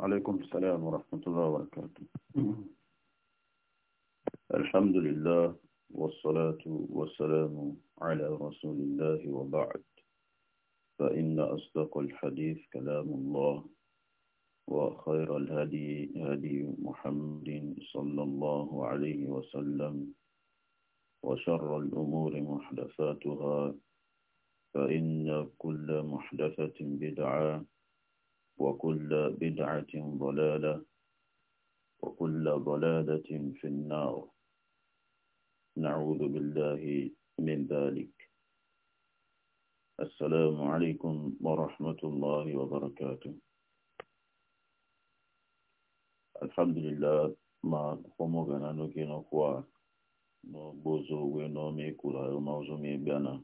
عليكم السلام ورحمة الله وبركاته الحمد لله والصلاة والسلام على رسول الله وبعد فإن أصدق الحديث كلام الله وخير الهدي هدي محمد صلى الله عليه وسلم وشر الأمور محدثاتها فإن كل محدثة بدعة وكل بدعة ضلالة وكل ضلالة في النار نعوذ بالله من ذلك السلام عليكم ورحمة الله وبركاته الحمد لله ما قمنا نكين بوزو وينو ونومي كولا يوم زومي بيانا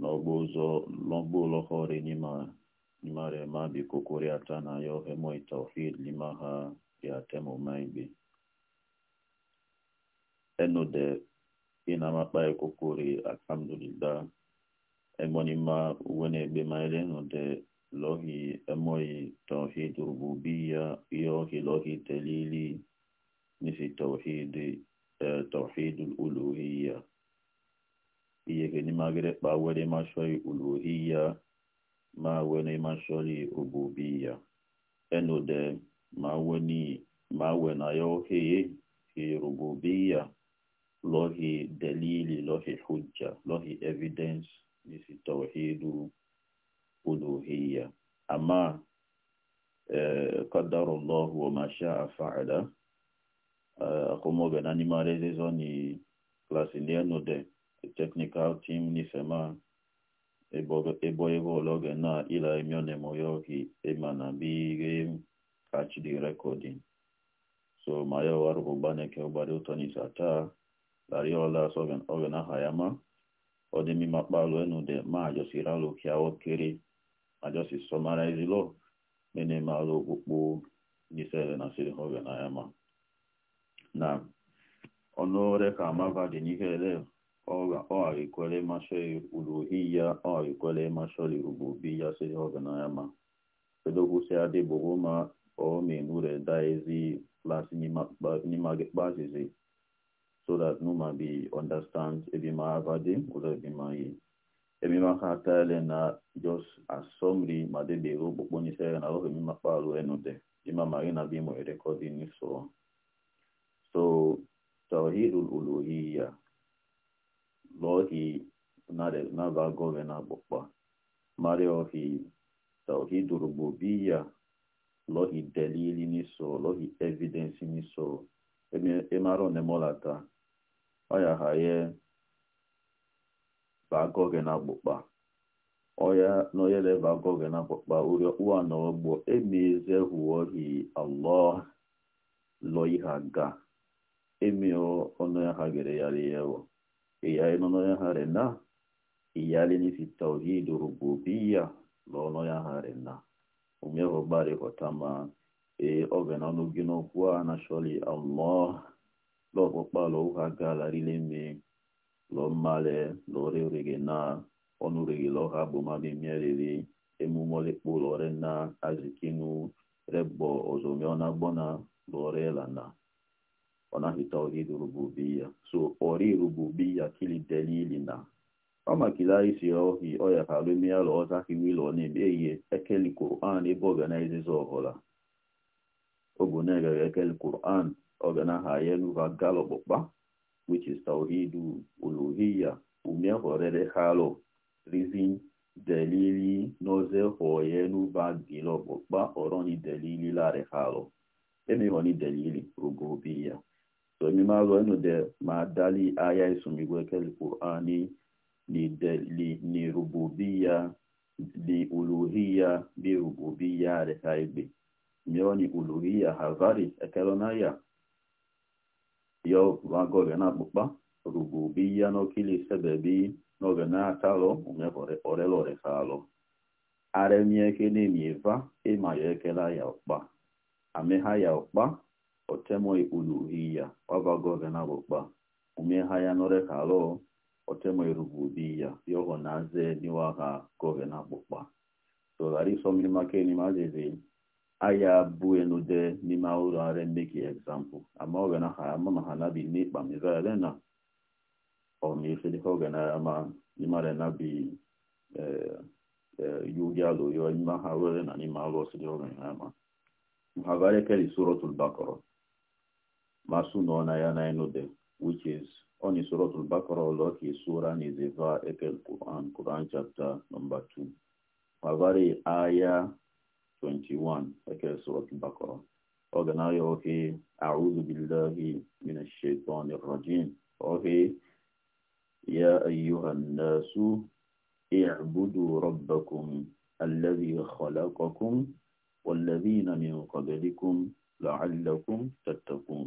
n'ọgbọ ụzọ lọgbọ ụlọhọrị n'imarema ata na ya ohemo itaofid lima ha ya temoma igbe enude ịnamakpa ekokori akamdulida emonima uwe na-egbe maile enude lohi emoyi tawhid rububiya ihe ohi lohi telili nisi tawhid eh, tawhid ya. iyeke ni magere pa wele ma shori uluhiya ma wele ma shori ububiya enode ma weni ma wena yo heye hi rububiya lohi dalili lohi hujja lohi evidence ni nisi tawhidu uluhiya ama eh, qadara Allah wa ma sha'a fa'ala eh, akomo gana ni marezezoni klasi ni enode the technical team nifema eboyevo loge na ila emione moyohi emana bigem catch the recording so mayo waru obaneke obari utoni sata lariola soven ogena hayama odemi mapalo enu de ma ajosi ralo kiawo kere ajosi summarize lo mene malo ukpo nisele na sile ogena hayama na onore ka amava de ọ̀rìkwẹ́lẹ́ máṣẹ́ olùhíyá ọ̀rìkwẹ́lẹ́ máṣọ́ ìrùbù bí yá sí ọ̀gánáyà ma pẹ̀lú sí adébòwò ma ọ̀ọ́mẹ̀nú rẹ̀ dá ezi class nímàgbàṣẹṣẹ so that no ma be understand ebi ma abade ọ̀dọ̀ ebi ma yẹ ebi ma ka ta ẹlẹ na just as made ma débè ro gbogbo ní sẹ́yìn na ọ̀rọ̀ mi ma pààrọ̀ ẹnu dẹ ima mari na bí mo ẹ̀rẹ́kọ́dì ní sọ so tawhidul uluhiyya. lohi naba govena bokpa mario hi tawhid rububiyya lohi delili niso lohi evidence niso emaro nemolata oya haye ba govena bokpa oya noyele ba govena bokpa urio uwa na ogbo allah ga ono ya ha gere eyaye n'ọnụ ya ha rena iyali ni fitauhid rububia n'ọnụ ya ha rena umyeho gbari hotama e ogena n'oge n'okwu a nashọli allah lọkpọkpalọ ụha galarịla eme lọmmale lọrịorege na ọnụrege lọha gbomabimieriri emume olekpo lọre na azikinu regbo ọzọmiọna gbọna lọrelana wanahi tauhid rububia so ori rububia kili delili na kama kila isi ohi oya kalumia lo oza kiwilo ni eye ekeli Qur'an ibo gana izizo hola ogunega ekeli Qur'an ogana hayenu va galo bokba which is tauhid uluhia umia horere halo rizin delili noze hoyenu va gilo bokba oroni delili la rehalo emi honi delili rububia so mi ma zo enu de ma dali aya isumigwe kele qur'ani li de li ni rububia li uluhia bi rububia re kaibe mioni uluhia havari ekelonaya yo wagore na kpukpa rububia no kili sebebi n'oge na-atalụ oreloresa alụ aremie eke na-emi eva ịma ya ekele ya ụkpa ha ya ụkpa otemo uluhiya wavagovenavokpa umehaya norekalo otemo irububiya yoho naze niwaha govenavokpa so that is make ni aya bu enude n'ime ụlọ ara mmeki example ama ogena ha ama ha na bi n'ikpa mizere na ọmifedika ama n'imara na eh, eh, n'ime alụ masuno na ya na enode which is on surah al-baqarah loki surah ni ziva ekel quran quran chapter number 2 mavari aya 21 ekel surah al-baqarah oganayo oke a'udhu billahi minash shaitanir rajim oke ya ayyuhan nasu اعبدوا ربكم الذي خلقكم والذين من قبلكم لعلكم تتقون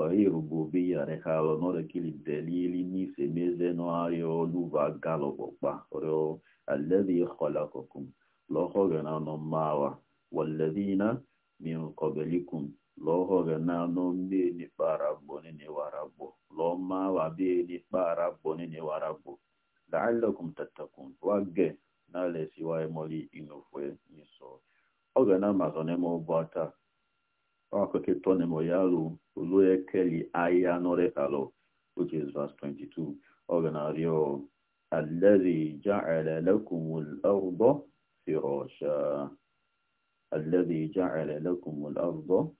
Oye rububia rekalo no rekili delili ni semeze no ayo nuva galo bokpa. Oreo alladhi khalaqukum. Loho gana no mawa. Walladhina min qablikum. Loho gana no mbe ni parabo ni ni warabo. Lo mawa be ni parabo ni ni warabo. La'allakum tattakun. Wagge. Nale siwa emoli inofwe niso. Ogana mazonemo bata. Akweke tone moyalu, ulue keli aya nore halo, which is verse 22. Oganario, الذي جعل لكم الأرض فراشا الذي جعل لكم الأرض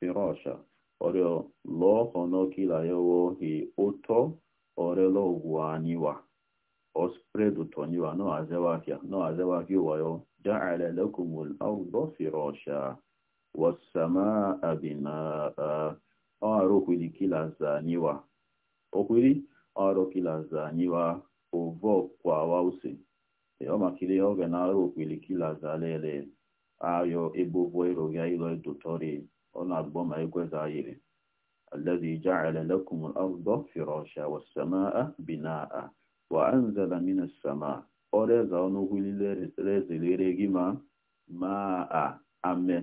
فراشا أريو لو خنوكي لا يوهي أوتو أريو لو وانيوا أسبريدو تونيوا نو أزواكيا نو أزواكيوا يو جعل لكم الأرض فراشا wasamaa binaa ọrụ kwili kilazanyiwa okwili ọrụ kilazanyiwa ovo ọmakili oge na arụ okwili kilazalele ayo ebubo eroga ilo edotori ọ na ma ekweza ayiri الذي جعل لكم الأرض فراشا والسماء بناء وأنزل من السماء أرزا نقول لرزل رجما ماء أمن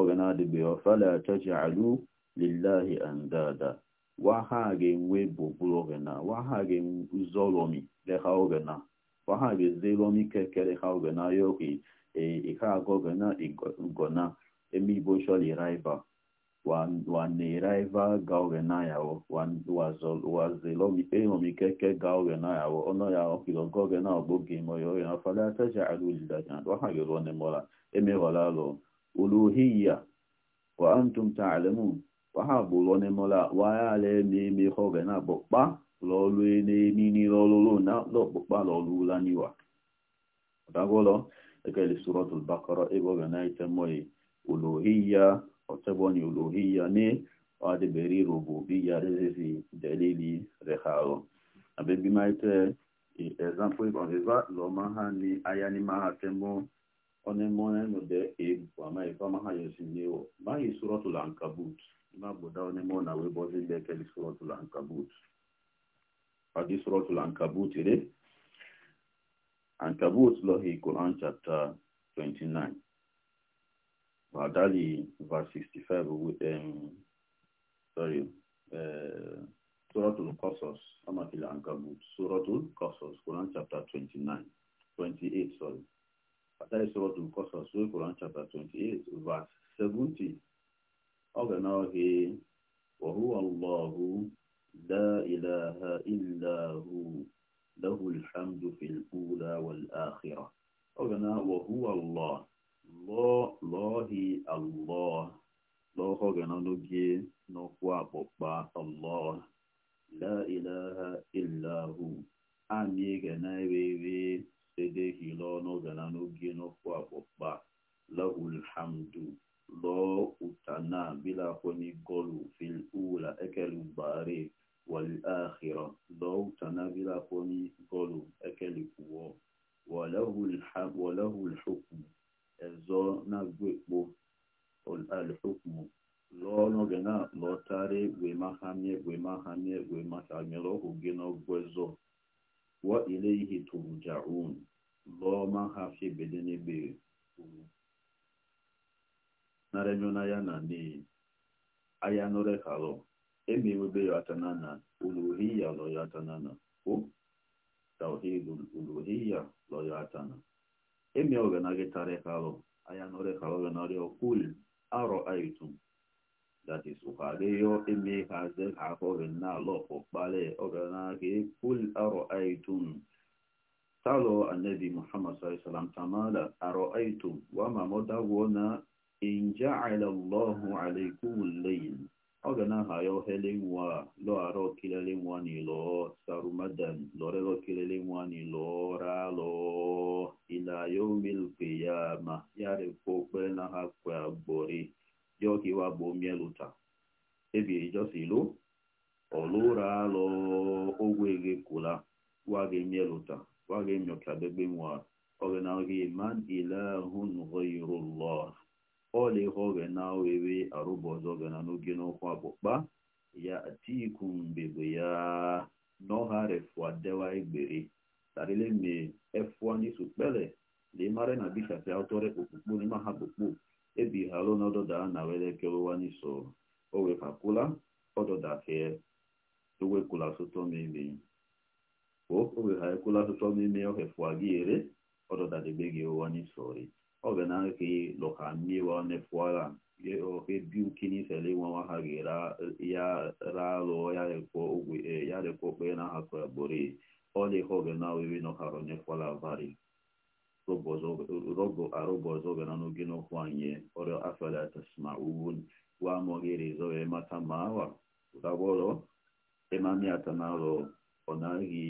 ọganadịbeghị ọfala achaji alụ lillahi andada waha ga-enwe bụbụrụ ogena waha ga-ezolomi leha ogena waha ha ogena yoki ihe aga ogena ngona emigbo sholi raiva waniraiva ga ogena ya okilogo uluhiyya wa antum ta'lamun wa ha bolo ne mola wa ya le mi mi ho ga na bo pa lo lu ni ni ni lo lo lo na lo bo pa lo lu la ni wa da golo e ke li suratul baqara e bo ga na ite moyi uluhiyya o te bo ni uluhiyya ni wa de beri rububiyya rezezi delili rehalo abe bi ma ite e, example on e, va e, lo ma ha ni aya ni ma ha temo one mone no de e ama e fama ha yosi niwo ba yi suratul ankabut ma boda one mona we bozi de ke suratul ankabut adi suratul ankabut ire ankabut lo hi quran chapter 29 wa dali verse 65 with um sorry uh, eh, suratul qasas ama fil ankabut suratul qasas quran chapter 29 28 sorry That is what we call Surah Quran chapter 28, verse 70. Okay, now he, وَهُوَ اللَّهُ لَا إِلَهَ إِلَّا هُوَ لَهُ الْحَمْدُ فِي الْأُولَى وَالْآخِرَةِ Okay, now وَهُوَ اللَّهُ Allah, Allah, Allah, Allah, okay, now no give, no kwa, bokba, Allah, La ilaha illa hu, amye genay wewe, sede hilo n'oge na n'oge n'okwu akpọkpa lahul hamdu lọọ utana bila kwenye golu fil ula ekelu bare wal akhira lọọ utana bila kwenye golu ekeli kuwo walahul hukmu ezo na gwekpo al hukmu lọọ n'oge na lọtare wema hamie wema hamie wema hamie lọọ wa ileihi turjaun ma ha fi fiebede n'ebe uru naremena ya na n'iyi aya nụre kalọ emewebe ya atanana uluhiya lọya atanana e o tauhid uluhiya lọya atana eme oganagị tare kalọ aya nụre kalọ ganarị okul aro aitum that is ukareyo eme hazel hakore na lọpọ kpale ọgana ke kul aro aitum talo anabi muhammad sallallahu alaihi wasallam tamala aro aitum wa mamoda wona in ja'ala allah alaykum al-layl ọgana hayo hele wa lo aro kilele wa ni lo sarumadan lore lo kilele wa ni lo ra lo ila yawmil qiyamah yare ko pe na ha ko agbori yo ki wa bo mieluta ebi just ilu olura lo ogwege kula wa ge mieluta wa ge nyoka bebe nwa oge na oge man ilahun ghayrullah ole oge na wewe arubo ọzọ oge na n'oge n'okwu akpụkpa ya atiku mbebe ya n'ọha refua dewa egbere tarịle me efua n'isukpele lee mara na bishap ya ọtọrọ okpukpo n'ime ha kpukpo ebighala n'ọdọdara na welekere ụwa n'iso o wepapụla ọdọdake owepụla sụtọ o owegharịkwụla sụtọ mmiri ohefụa gị ere ọdọdadebe gị ụwa n'isori na ke lọka mmiwa nefụara ohebikinifelị nwawa ha ya ralụ ya rekwo okpere e, na ha kọrọ bori ọlịhoge na oriri nọkara nefụala rogo arobo ọzọ gara n'oge n'okwu anyị ọrịa afala tasma uwun wa amọghịrị zoe mata ma awa ụdagwọrọ emami atanaro ọ naghị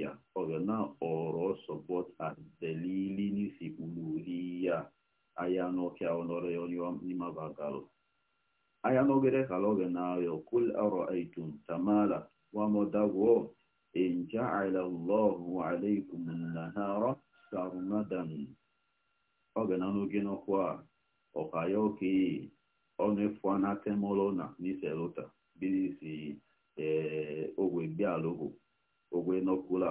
ya ọrịa na ọrọ sọpọt adelili n'isi uluhiya aya n'ọkịa ọnọrọ ya n'imabagalo aya n'ogere kala oge na-arịọ kul arọ aitum tamala wa mọdagwọ in ja'ala allahu alaikum nahara sarunadan ọ ga na n'oge n'ọkwa ọkaya oke ọnụefu anatemolona n'iselota bidisi ogwe bialogo ogwe nọkula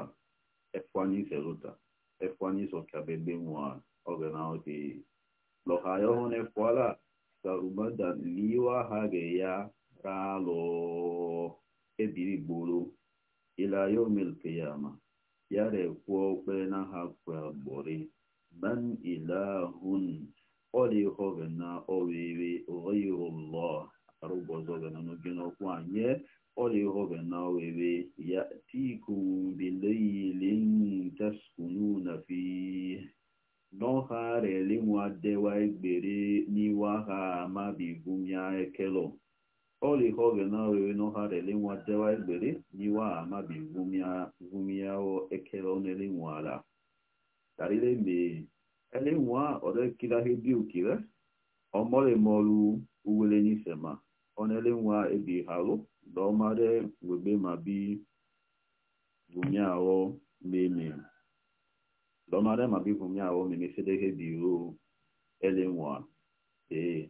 efuaniselota efuanisokabe nwa oge na oke lọkaya ọhụrụ efuala sarunadan liwa ha ga ya raalụ ebiri gboro ila yomil kiyama yarekwa okpe na ha kwagbori man ilahun ọlịhọge na owere ghayrullah arụgbọzọge na n'oge n'ọkwa nye ọlịhọge na owere ya tikum bilailin taskununa fi nọha rele nwa dewa egbere n'iwa ha amabibu ya ekelo olihoge nawewe noharele nwa dewa egbere niwa amabi vumiao ekele onele nwala tarile me ele nwa orekilahi bi ukire omoremolu uwele nisema onele nwa ebi halu domare webe mabi vumiao meme domare mabi vumiao meme sedehe biro ele nwa ee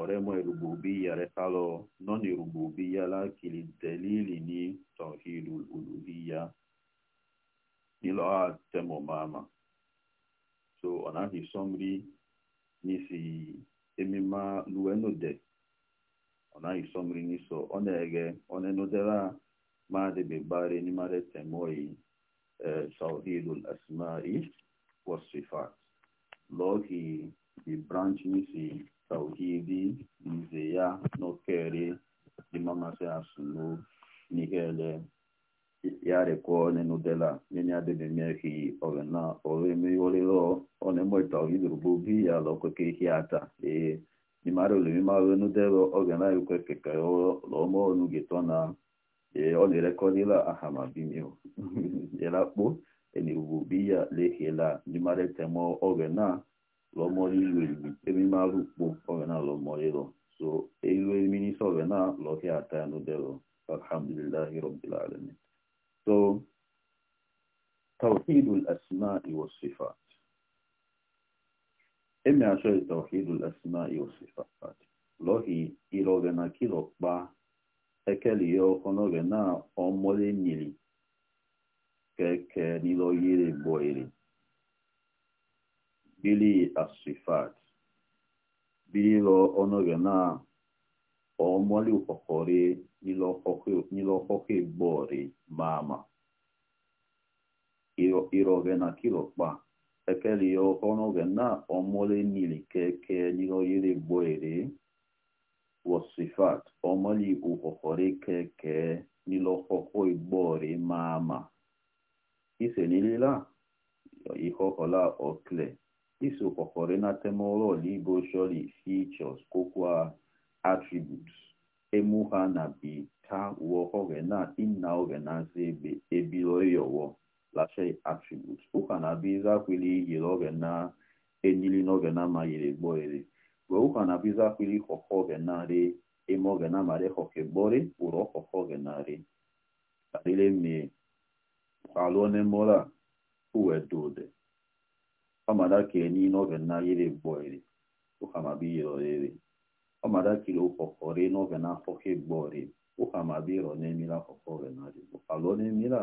oremo erububiya resalo non erububiya lakini dalili ni tauhidul uluhiya nilo a temo mama so onahi somri nisi emima luenode onahi somri niso onege onenodela madebe bare ni mare temoi توحيد الأسماء والصفات لوكي دي برانش نسي tauhidi n'ize e, e, ya n'okere dị mamasị asụlụ n'ihele ya rekwa onye n'udela nyenye adịbemehi ọrena oremegholelo onemweta ogidurubu bi ya lokweke ihe ata ee nimara olemimawe n'udelo ogena ekwekeka lọma onu na ee ọ na-erekodila ahamabimio bi ya lehiela nimaretemo na. lomori iluelimi emime alụkpo ọvena lomorilo so iluelimi n'isi ọvena lọhi ata ya n'udelo alhamdulillahi rabbil alamin so توحيد الأسماء والصفات إما عشان توحيد الأسماء والصفات لوهي إلوغنا كيلو با ekeli yo onoge na omole nyili keke nilo yiri boiri bili asifat bili lo ono gana o mwali ukokore nilo hoke bori mama iro, iro gana kilo pa ekeli yo ono gana o mwale nili keke nilo yele boere wasifat o mwali ukokore keke nilo hoke bori mama ise nilila ihokola okle Isso ocorrerá temoro libo sholi features kokwa attributes. Emuha na bi ta wohogena inna ogena zebe ebilo e yowo lashe attributes. Uka na bi za kwili yilogena enili nogena ma yile boere. We e uka na bi za kwili hohogena re na mare hokebore uro hohogena re. E Adile me kalone mora uwe dode. ọmada kele n'ile ọbẹ na yere gbọrịrị ụhamabi yọrịrị ọmada kele ụkọkọrị n'ọbẹ na afọke gbọrị ụhamabi yọrọ n'emira akọkọ ọbẹ na dị ụfalọ n'emira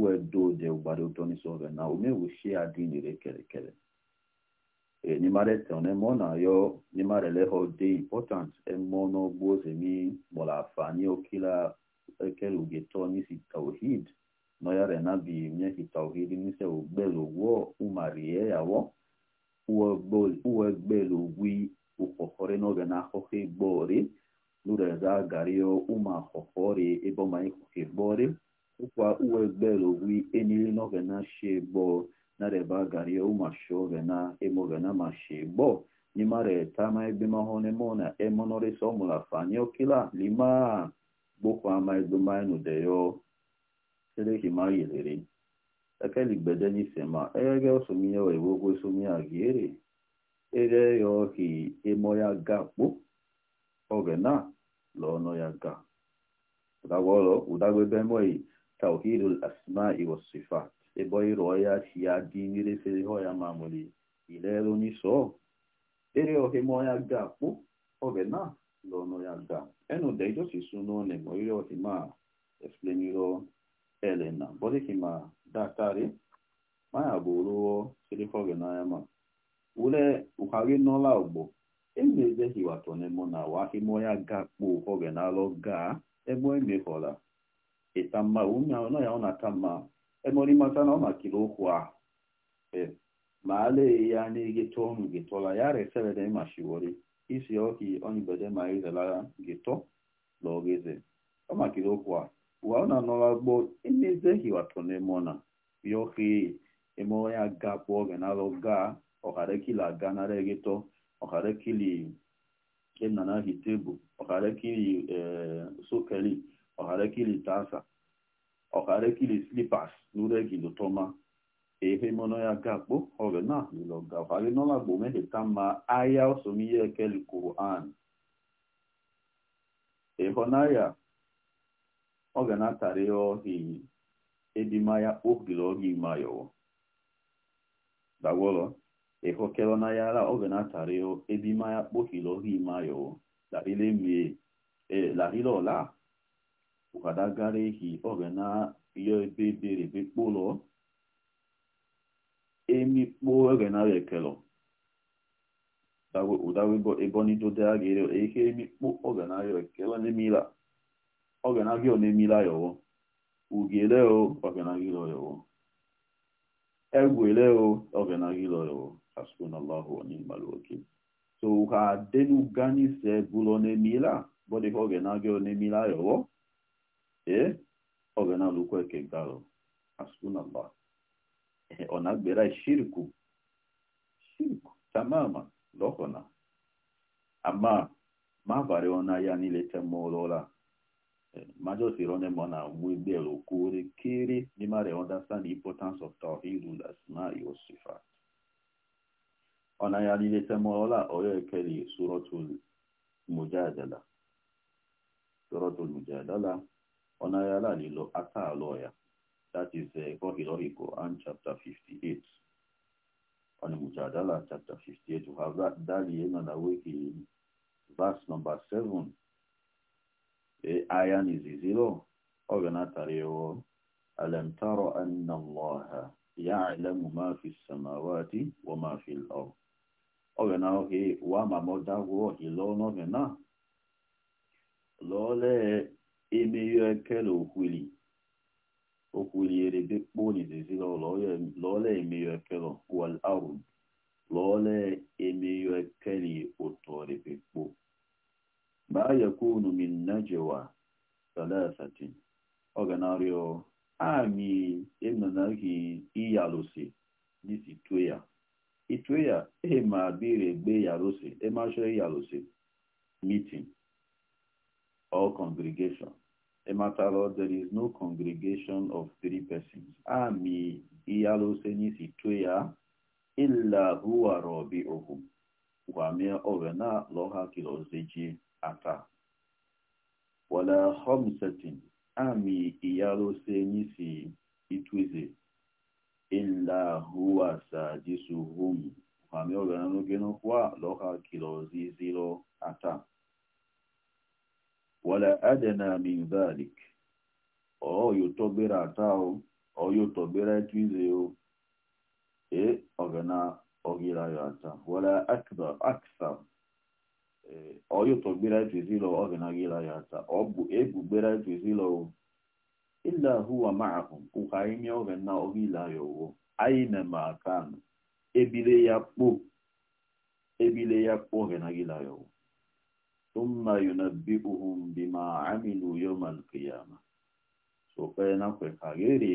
wee do de ụgbara ụtọ n'isi ọbẹ na omewushi adị n'ire kerekere e n'imara ete ọ na-eme ọ na-ayọ n'imara eleha dị important eme ọ n'ọgbụ ozemi gbọrọ afa n'okila ekele ugetọ n'isi tawhid noyare nabi mnyeki tauhidi nise ugbelo wo umarie yawo uwegbelo wi ukhokore noge na hohe gbori lureza gario uma hohori eboma ihohe gbori ukwa uwegbelo wi enili noge na shegbo nareba gario uma shoge na emoge na mashegbo nimare tama ebimahone mona emonore somula fanyo kila lima gbokwa ama egboma enudeyo selehi ma yelere ekeli gbede n'ise ma ege osomi ya wee wogo osomi ya gị ere ere ya ọhị e ya ga kpo oge na lo ọnụ ya ga ụdagwọrọ ụdagbebe moyi tauhidul asma e ya chi ya dị nire sere họ ya ma mụrụ ilere onye so ere ya ga ọ e ma Elena ma Daktari Maya Buluo Silikoge Nayama Ule Ukagi no Laubo Emeze Hiwatone Mona Wakimoya Gapu Hoge Nalo Ga ebe Ebo Emekola Etama Unya Ona Yaona Tama Emori Matana Ona Kilokwa E Maale Yani Gitonu Gitola Yare Sevede Mashiwori Isi ma Oki Onibede Maizelara Gito Logeze Oma a. waona nolagbo emezeghị watonemona yohi emeonye aga kpụ oge naloga ọharekili aganara egeto ọharekili enanaghị tebụl ọharekili eh, sokeli ọharekili tasa ọharekili slipas nuregi lotoma ehemono ya gakpo oge na liloga ma ahịa ọ ga na-atarị ọhị edimaya kpogiri ọhị mayowo dagwọrọ ịhụkere na yara ọ ga na-atarị edimaya kpogiri ọhị mayowo darịle mie e, larịle ọla ụkadagara ehi ọ ga na-yọ ebe ebere ebe kpụlọ emikpo oge na-ekele ụdawebo ebe ọnidodo a ga-ere ihe emikpo ọ ga na-ayọ ekele n'emila Ọ ga ọganaghị onemile ayọwo ugele o ọganaghị lọyọwo egwele o ọganaghị lọyọwo hasbunallahu wa ni'mal wakil so ha denu gani se bulo nemila bodi ọganaghị onemile ayọwo e ọganalukwe kegalo hasbunallah ọnagbera shirku shirku tamama lọkọna ama ma varị ọna ya niile ụra. Major Sirone Mona Mwebelo kuri Kiri ni Nimare understand the importance of Tawhidul Asma Yosifat. Onayalilete Molola Oyo Ekeli Suratul Mujadala. Suratul Mujadala ona Onayala Lilo Ata Aloya. That is uh, eh, Kohilori Quran chapter 58. Ona Mujadala chapter 58 we have that Dali Yenana Wiki verse number 7 aya n'izizi lo ọ ga na-atara ewo oh, alam tara anna allaha ya'lamu ma fi samawati wa ma fi al-ard ọ ga na ohe wa ma mo dagwo ilo no ga na lole emeyo ekele okwili okwili erebe kpo n'izizi lo lole emeyo ekele wal ard lole emeyo ekele otorebe kpo ma yakunu min najwa thalathatin ọ ga na-arịọ amị enanaghị iyalụsi n'isi tue ya itue ya ema biri egbe yalụsi emachọ iyalụsi meeting or congregation ematalo there is no congregation of three persons amị iyalụsi n'isi tue ya illa huwa rọbi ohu wamee ọwena lọha kilozejie ata wala homsetin, ami iyalo se nisi itwize illa huwa sadisuhum hame ogana nogeno kwa loha kilozi Ziro ata wala adana min dhalik o oh, yotobera atao o oh, yotobera itwize o e ogana ogira yo ata wala akbar akthar oyo to gbera ọ ga na gila ya ọ obu ebu gbera tuzilo illa huwa ma'ahum ukaimi oge na ogila anyị aina ma kan ebile ya kpo ebile ya kpo oge na gila yowo thumma yunabbi'uhum bima amilu yawm ya ma so pe na kwe kagere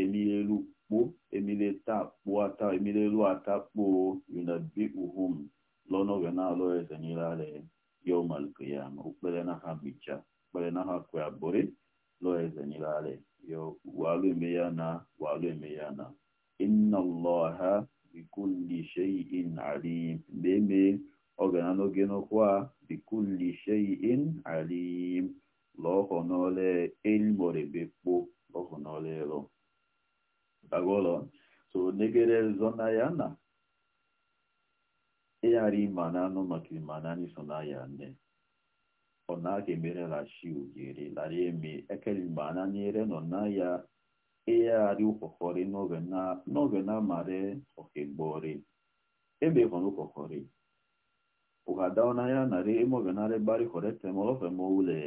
emilelu kpo emile ta kpo ata emilelu ata kpo yunabbi'uhum lọ lọ́nọ̀wẹ̀ e náà lọ́rẹ̀ ẹ̀sẹ̀nyíra rẹ̀ ya malùkìyàmù ukpẹ̀lẹ̀ na ha bìjà kpere na ha kwe àbúrí eze nyere ala yóò wàálù eme ya na wàálù eme ya na iná ha bikulli shay'in alim meme na n'oge n'okwa bikulli shay'in alim lọ́ọ̀kọ̀ n'ole elmọ̀rẹ̀bẹ̀kpo lọ́ọ̀kọ̀ n'ọlẹ̀ lọ. Dagolo, so negere zona na. ịghara ịma n'anụ makiri ma naanị so na ya nne ọ na-aga ugere lara eme ekeli ma nọ na ya ịghara ụkọkọrị n'oge na amara okegbori ebe ịhọrọ ụkọkọrị na ya narị emoge narị gbari ule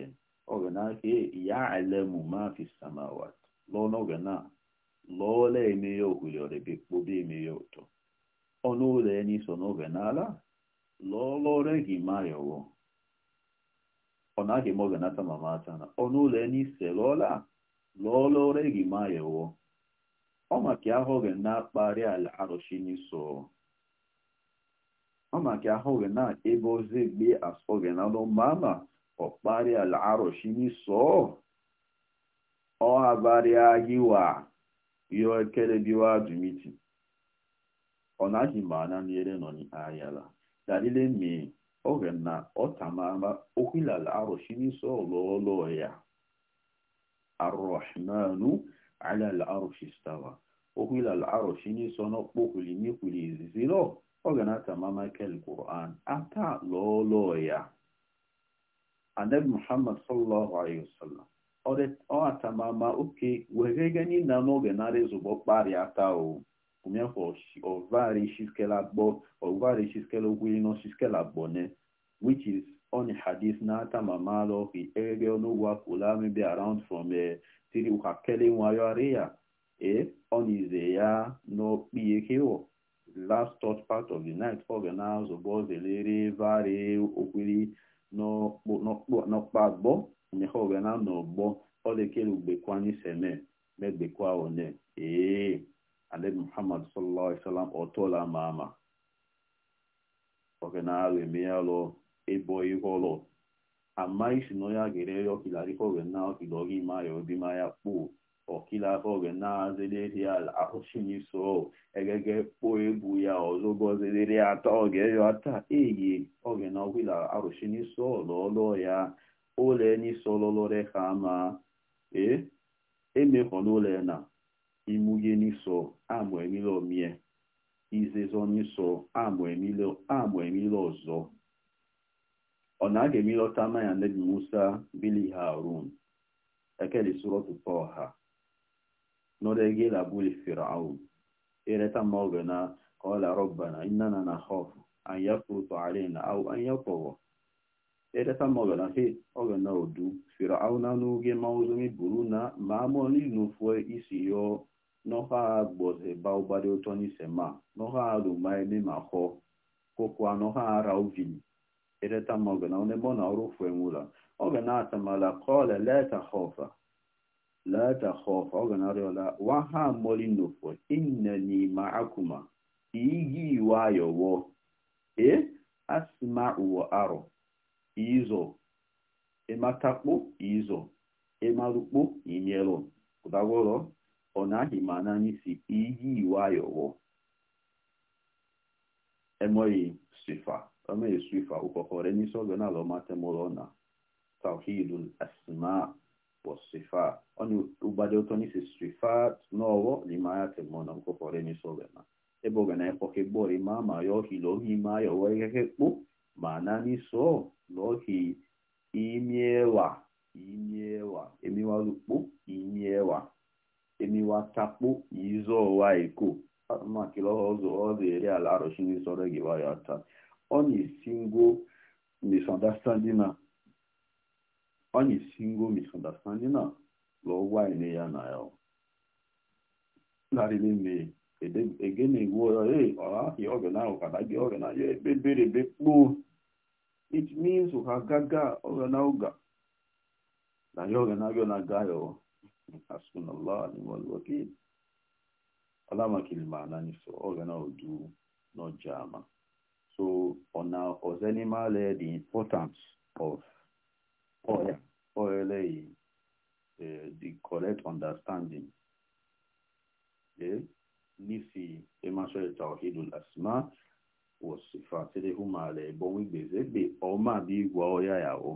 oge na aka ya samawat n'oge na kpobe ụtọ ọnụụlọ enyi so n'oge n'ala lọọlọrụ gị mayọwo ọ naghị m oge nata mama ata na ọnụụlọ enyi selọla lọọlọrụ gị mayọwo ọ maka ahụghị na-akparị ala arụshi n'iso ọ maka ahụghị na ebe ozi gbe asọghị na ọnụ mama ọkparị ala arụshi n'iso ọ abarịa wa yọ ekele biwa dumiti onajimana niere noni ayala dalile mi ogena otamama ohilala aroshini so loloya ya ala al'arshi istawa ohilala aroshini so no pokuli ni kuli oge na-atamama kel qur'an ata loloya anabi muhammad sallallahu alaihi wasallam ore o atamama oke gani na no genare zubo kpari ata o umiako ovary shiskela bo ovary shiskelo gwilino shiskela bone which is on hadith na tamamalo ki ege onugwa kula maybe around from uh, tiri ukakele mwayo area eh on is ya no piekewo last third part of the night For now, the organize obo zelere vare okwili no no no pagbo umiako organize no bo ole kele ugbekwa ni seme megbekwa one eh anabi muhammad sallallahu alaihi wasallam ọtọla ama ama oge na alụ eme ya lụ ịbọ ihe ọlụ ama isi na ya gere ya ọkila ihe oge na ọkila oge ime ya obi ma ya kpo ọkila oge na azelere ya ahụchini so egege kpo egbu ya ọzọ gọzelere ya ata oge ya ata eyi oge na ọkwila arụchini so lọlọ ya ole ni so lọlọre ha ma e emekọ n'ụlọ ya na imuye n'iso amụ emile omie izezo n'iso amụ emile amụ emile ọzọ ọ na-aga emilọta maya nebi musa bili harun ekeli tupu ọha nọrege labuli firaun ereta mọgụ na kọla rọbana innana na hof an yakutu alina au an yakọwọ ereta mọgụ na he ọgụ na odu firaun na n'oge ma ụzọ mi buru na ma amụọ n'izu n'ofu isi yọọ n'ọha gboze ba ụgbari ụtọ n'ise ma n'ọha ruma eme ma hụ kokwa n'ọha ara uvili ereta moge na onebo na ọrụ ofu enwula oge na-atamala kọle leta hofa leta hofa oge na-arịọla waha moli nofo inne n'ime akuma igi iwe ayọwo e asima uwo arọ izo ematakpo izo emarukpo imielo kudagoro ọ̀nàhì mana n'isi iyi iwayọ̀wọ̀ emoyi sifa omeyi sifa ukọkọrẹ n'isi ọgọ na alọ matemụlọ na tawhidu asma wa sifa ọni ụgbado ụtọ n'isi sifa n'ọwọ limaya temụlọ na ukọkọrẹ n'isi ọgọ na ebe ọgọ na-ekpọke gbọrọ ma ma ya ọhịla ohi ma ya ọwọ ihe kpụ ma na n'isi ọ na ọhị imiewa imiewa emiwalu kpụ imiewa emiwatakpo wa tapó ìyízọ́ wa eri ala ọzọ ọzọ eré àlà àròṣí ní sọ́rọ́ ìgbà yà ya na ya ọ na-egwu ọyọ ee ọra na ụkada gị na ya ebe ebe kpoo it means ụka gaga na ụga na ya ọgẹ na na-aga ọ hasbunallah ni'mal wakil ọlá makiri ma na nso oge na odu n'ọjọ ama so ọna ọzẹnimale the importance of oil oil uh, the correct understanding eh, nisi emasọ tawhidul asma wasifat lehuma ala ebo nwigbezegbe ọma bụ igwe ọhịa yahoo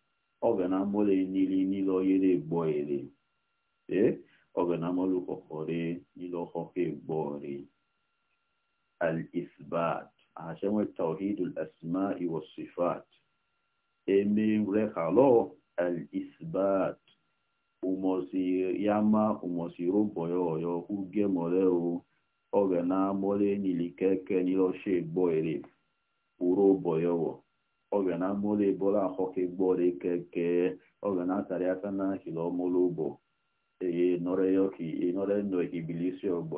ọgana mole nili nilo yere gbo ere e ọgana molu kokore nilo hoke gbo ere al isbat ahashewe tawhidul asma'i was sifat eme rekalo al isbat umosi yama umosi roboyo yo uge mole o ọgana mole nili keke nilo she gbo ere uro boyowo ọrịa na mụrụ eboro ahụ ka gboro keke ọrịa na atarị aka na hiri ọmụrụ ụgbọ ee nọrọ ya ọka enọrọ nọ ibilisi ọgbọ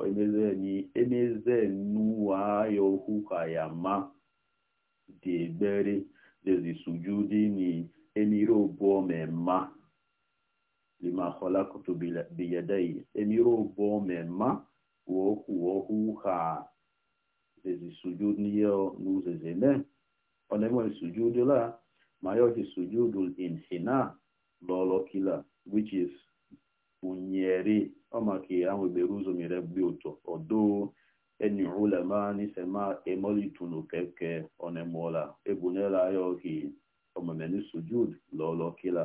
emeze nuwayo huka ya ma dị ebere dezisuju dị ni emiri ụbọ mema lima khalaqtu bi yadayi emiri ụbọ mema wọkwuo huka dezisuju n'ihe n'uzezeme onemwe sujudu la mayoki sujudu inhina lolokila which is unyeri omaki ahu beruzo mire bioto odo eni ulama ni sema emoli tunu keke onemola ebunela yoki omemeni sujud lolokila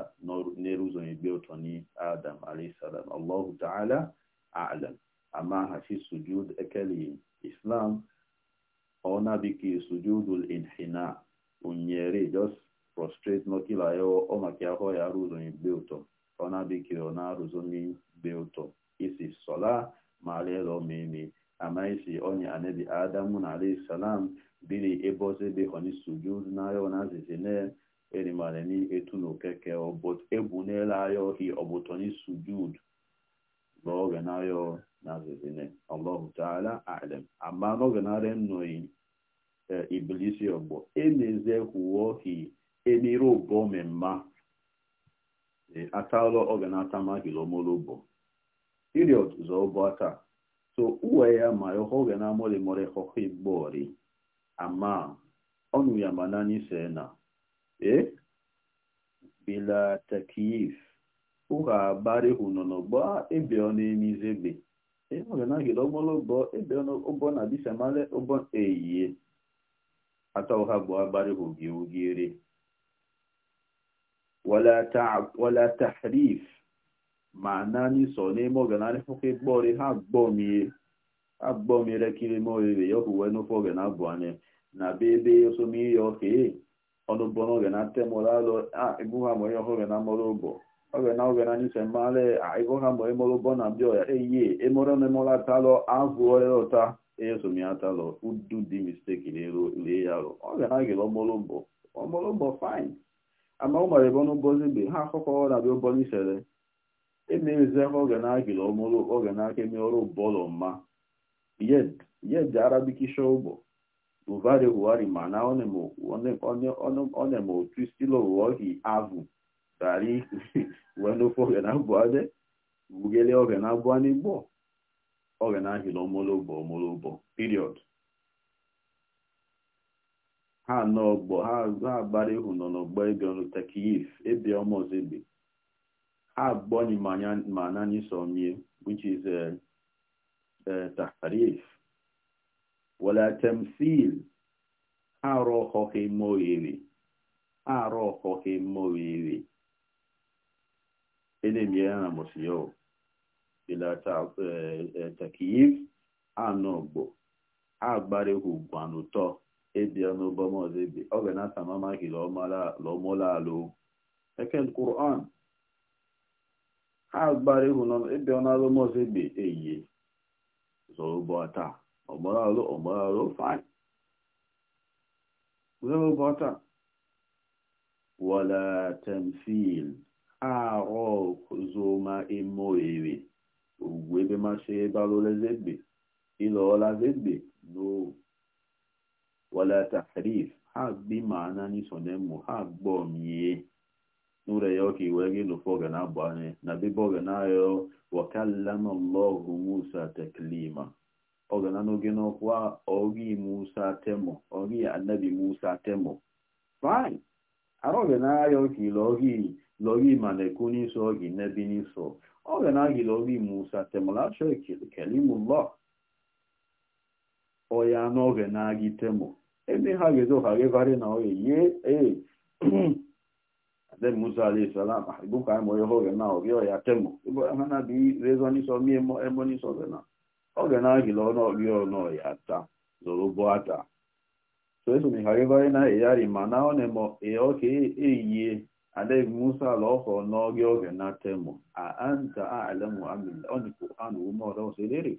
neruzo bioto ni adam alayhi salam allah ta'ala a'lam ama hashi sujud ekeli islam ona biki sujudul inhina unyere just prostrate n'okila ya ọmaka ahụ ya arụzo igbe ụtọ ọ na-abịkiri ọ na-arụzo n'igbe ụtọ isi sola ma alelo meme amaisi onye anebi adamu na alayhi salam biri ebozebe oni sujud na ayo na zizine erimare ni etu n'okeke but ebunela ayo hi ọbụtọ ni sujud na ayo na zizine allahu ta'ala alam amma n'oge na arem n'oyi Eh, ibilisi ọgbọ eneze kwuo hi emiri ụbọ mmemma eh, atalọ ọganatamakilomolobo iriot zọbọ ata so uwe ya ma ọhọge na molimori họhọ igbori ama ọnụ ya manani sena e bila takif ụha agbari hunọnọgba ebe ọ na-emizegbe ọganagilomolobo ebe ụbọ na bisamale ụbọ eyie hata uhabu habari bụ wala ta wala tahrif maanani ma na ganani fuke gbori ha gbomi agbomi rekiri mo ebe yo ku wenu fo gana buane na bebe na so mi yo ke onu na gana temola lo ah ebu ha mo yo ogena ogena nise male aigoga e mo emoro bona bioya eye emoro memola talo avuorero ta eyosomiya talo udu di mistake lero leyaro ogena gelo omolombo omolombo fine ama umare bonu mgbe ha akọkọ na bia ụbọlụ isere emeze ogena agịla omolo ogena aka eme ọrụ bọlọ mma yed yed arabik ishe ụgbọ uvare huari mana onemo otu stilo uohi avu tari uwe n'ofe oge na-abụ adị gbugele oge na-abụ n'igbo oge na-ahịla omologbo omologbo period ha n'ọgbọ ha agbara ihu nọ n'ọgbọ ebe ọnụ tekif ebe ọmọzebe ha agbọnyi ma naanị somie which is uh, uh, tahrif wala temsil arọ ọkọkọ ime ohere arọ ọkọkọ ime ohere e mosio ilata takiyif anọgbo agbareghị ugwu anụtọ ebia n'ụbọmọzọ ebe ọ ga na-ata mama gị lọmọlalụ second quran ha na nọ ebe na-alụ mọzọ ebe eye zọrọbọ taa ọmọlalụ ọmọlalụ fine zọrọbọ taa wala temfil arọ zoma emoere ugwu ebe masha ebalolezegbe ilọọlazegbe no wala tahrif ha gbi maana n'isonemu ha gbọmie nure ya ọka iwe gị nụfọ ga na-abụ anya na bebe ọga na-ayọ wakallama allahu musa teklima ọga na n'oge n'ọkwa ogi musa temo ogi anabi musa temo fine arọ ga na-ayọ ka ile ogi lori manekuni so gi nebini ọ ga na gi lori musa temola cho e kelimullah oya na oge na gi temo ebe ha gezo ha gevari na oye ye eh de musa alayhi salam ah, ibu ka mo yeho ge na oge oya temo ibu ha na bi rezo ni so mi emo emo ni so na oge na gi lo na oge ono ya ta zoro bo ata so eso na ha e gevari na eyari na onemo e oke eye alayhi musa lọ́kọ̀ n'oge oge e. E e na temo a anta a'lamu amilla oni qur'anu mo do sedere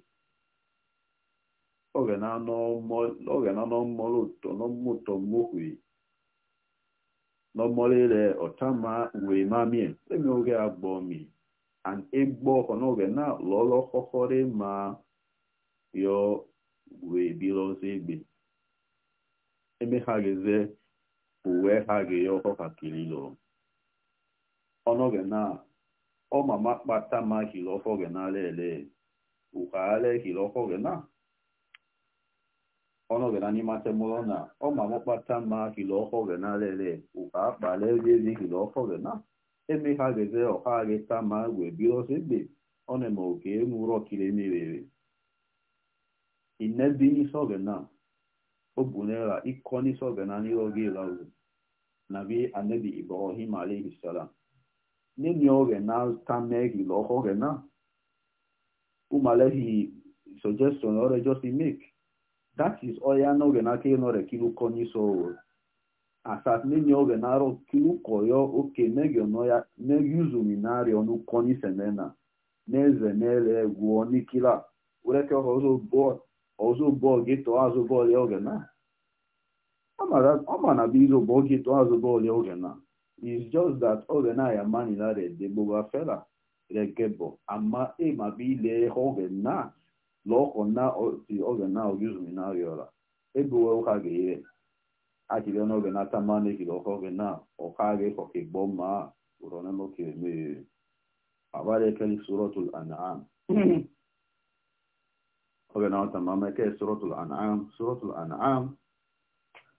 oge na no mo oge na no mo lo to no otama we mamie le mi oge agbo an egbo ko no oge na lo lo ma yọ wee biri lo segbe eme uwe ha ge yo kokakiri lo ọnọgena ọmama kpatama hilofogena lele ukaale hilofogena ọnọgena n'imate mụrụ na ọmama kpatama hilofogena lele ukaakpale ezi hilofogena eme ha geze ọha geta ma gwe ọ na eme oke enwuru ọkiri emirere inebi n'isi ogena obunera iko n'isi ogena n'irogi na nabi anebi ibrahim alayhi salam na oghena tamegi lo oghena umalehi suggestion ore just make that is oya no oghena ke no re kilu n'i so asat na oghena ro kilu oke megio ya onu neze nele n'i kila ozo bo ozo bo azo bo ọ na bụ izo bụ oge tụọ azụ oge na It's just that Ogenaya Manilare de Bogafela Regebo Ama Ema Bile Hogena Lokona Oti Ogena Yuzumina Yola Ebuwe Ukagire Akile Ogena Tamane Kilo Hogena Okage Hokeboma Uronemo Kime Avare Keli Suratul An'am Ogena Tamame Keli Suratul An'am Suratul An'am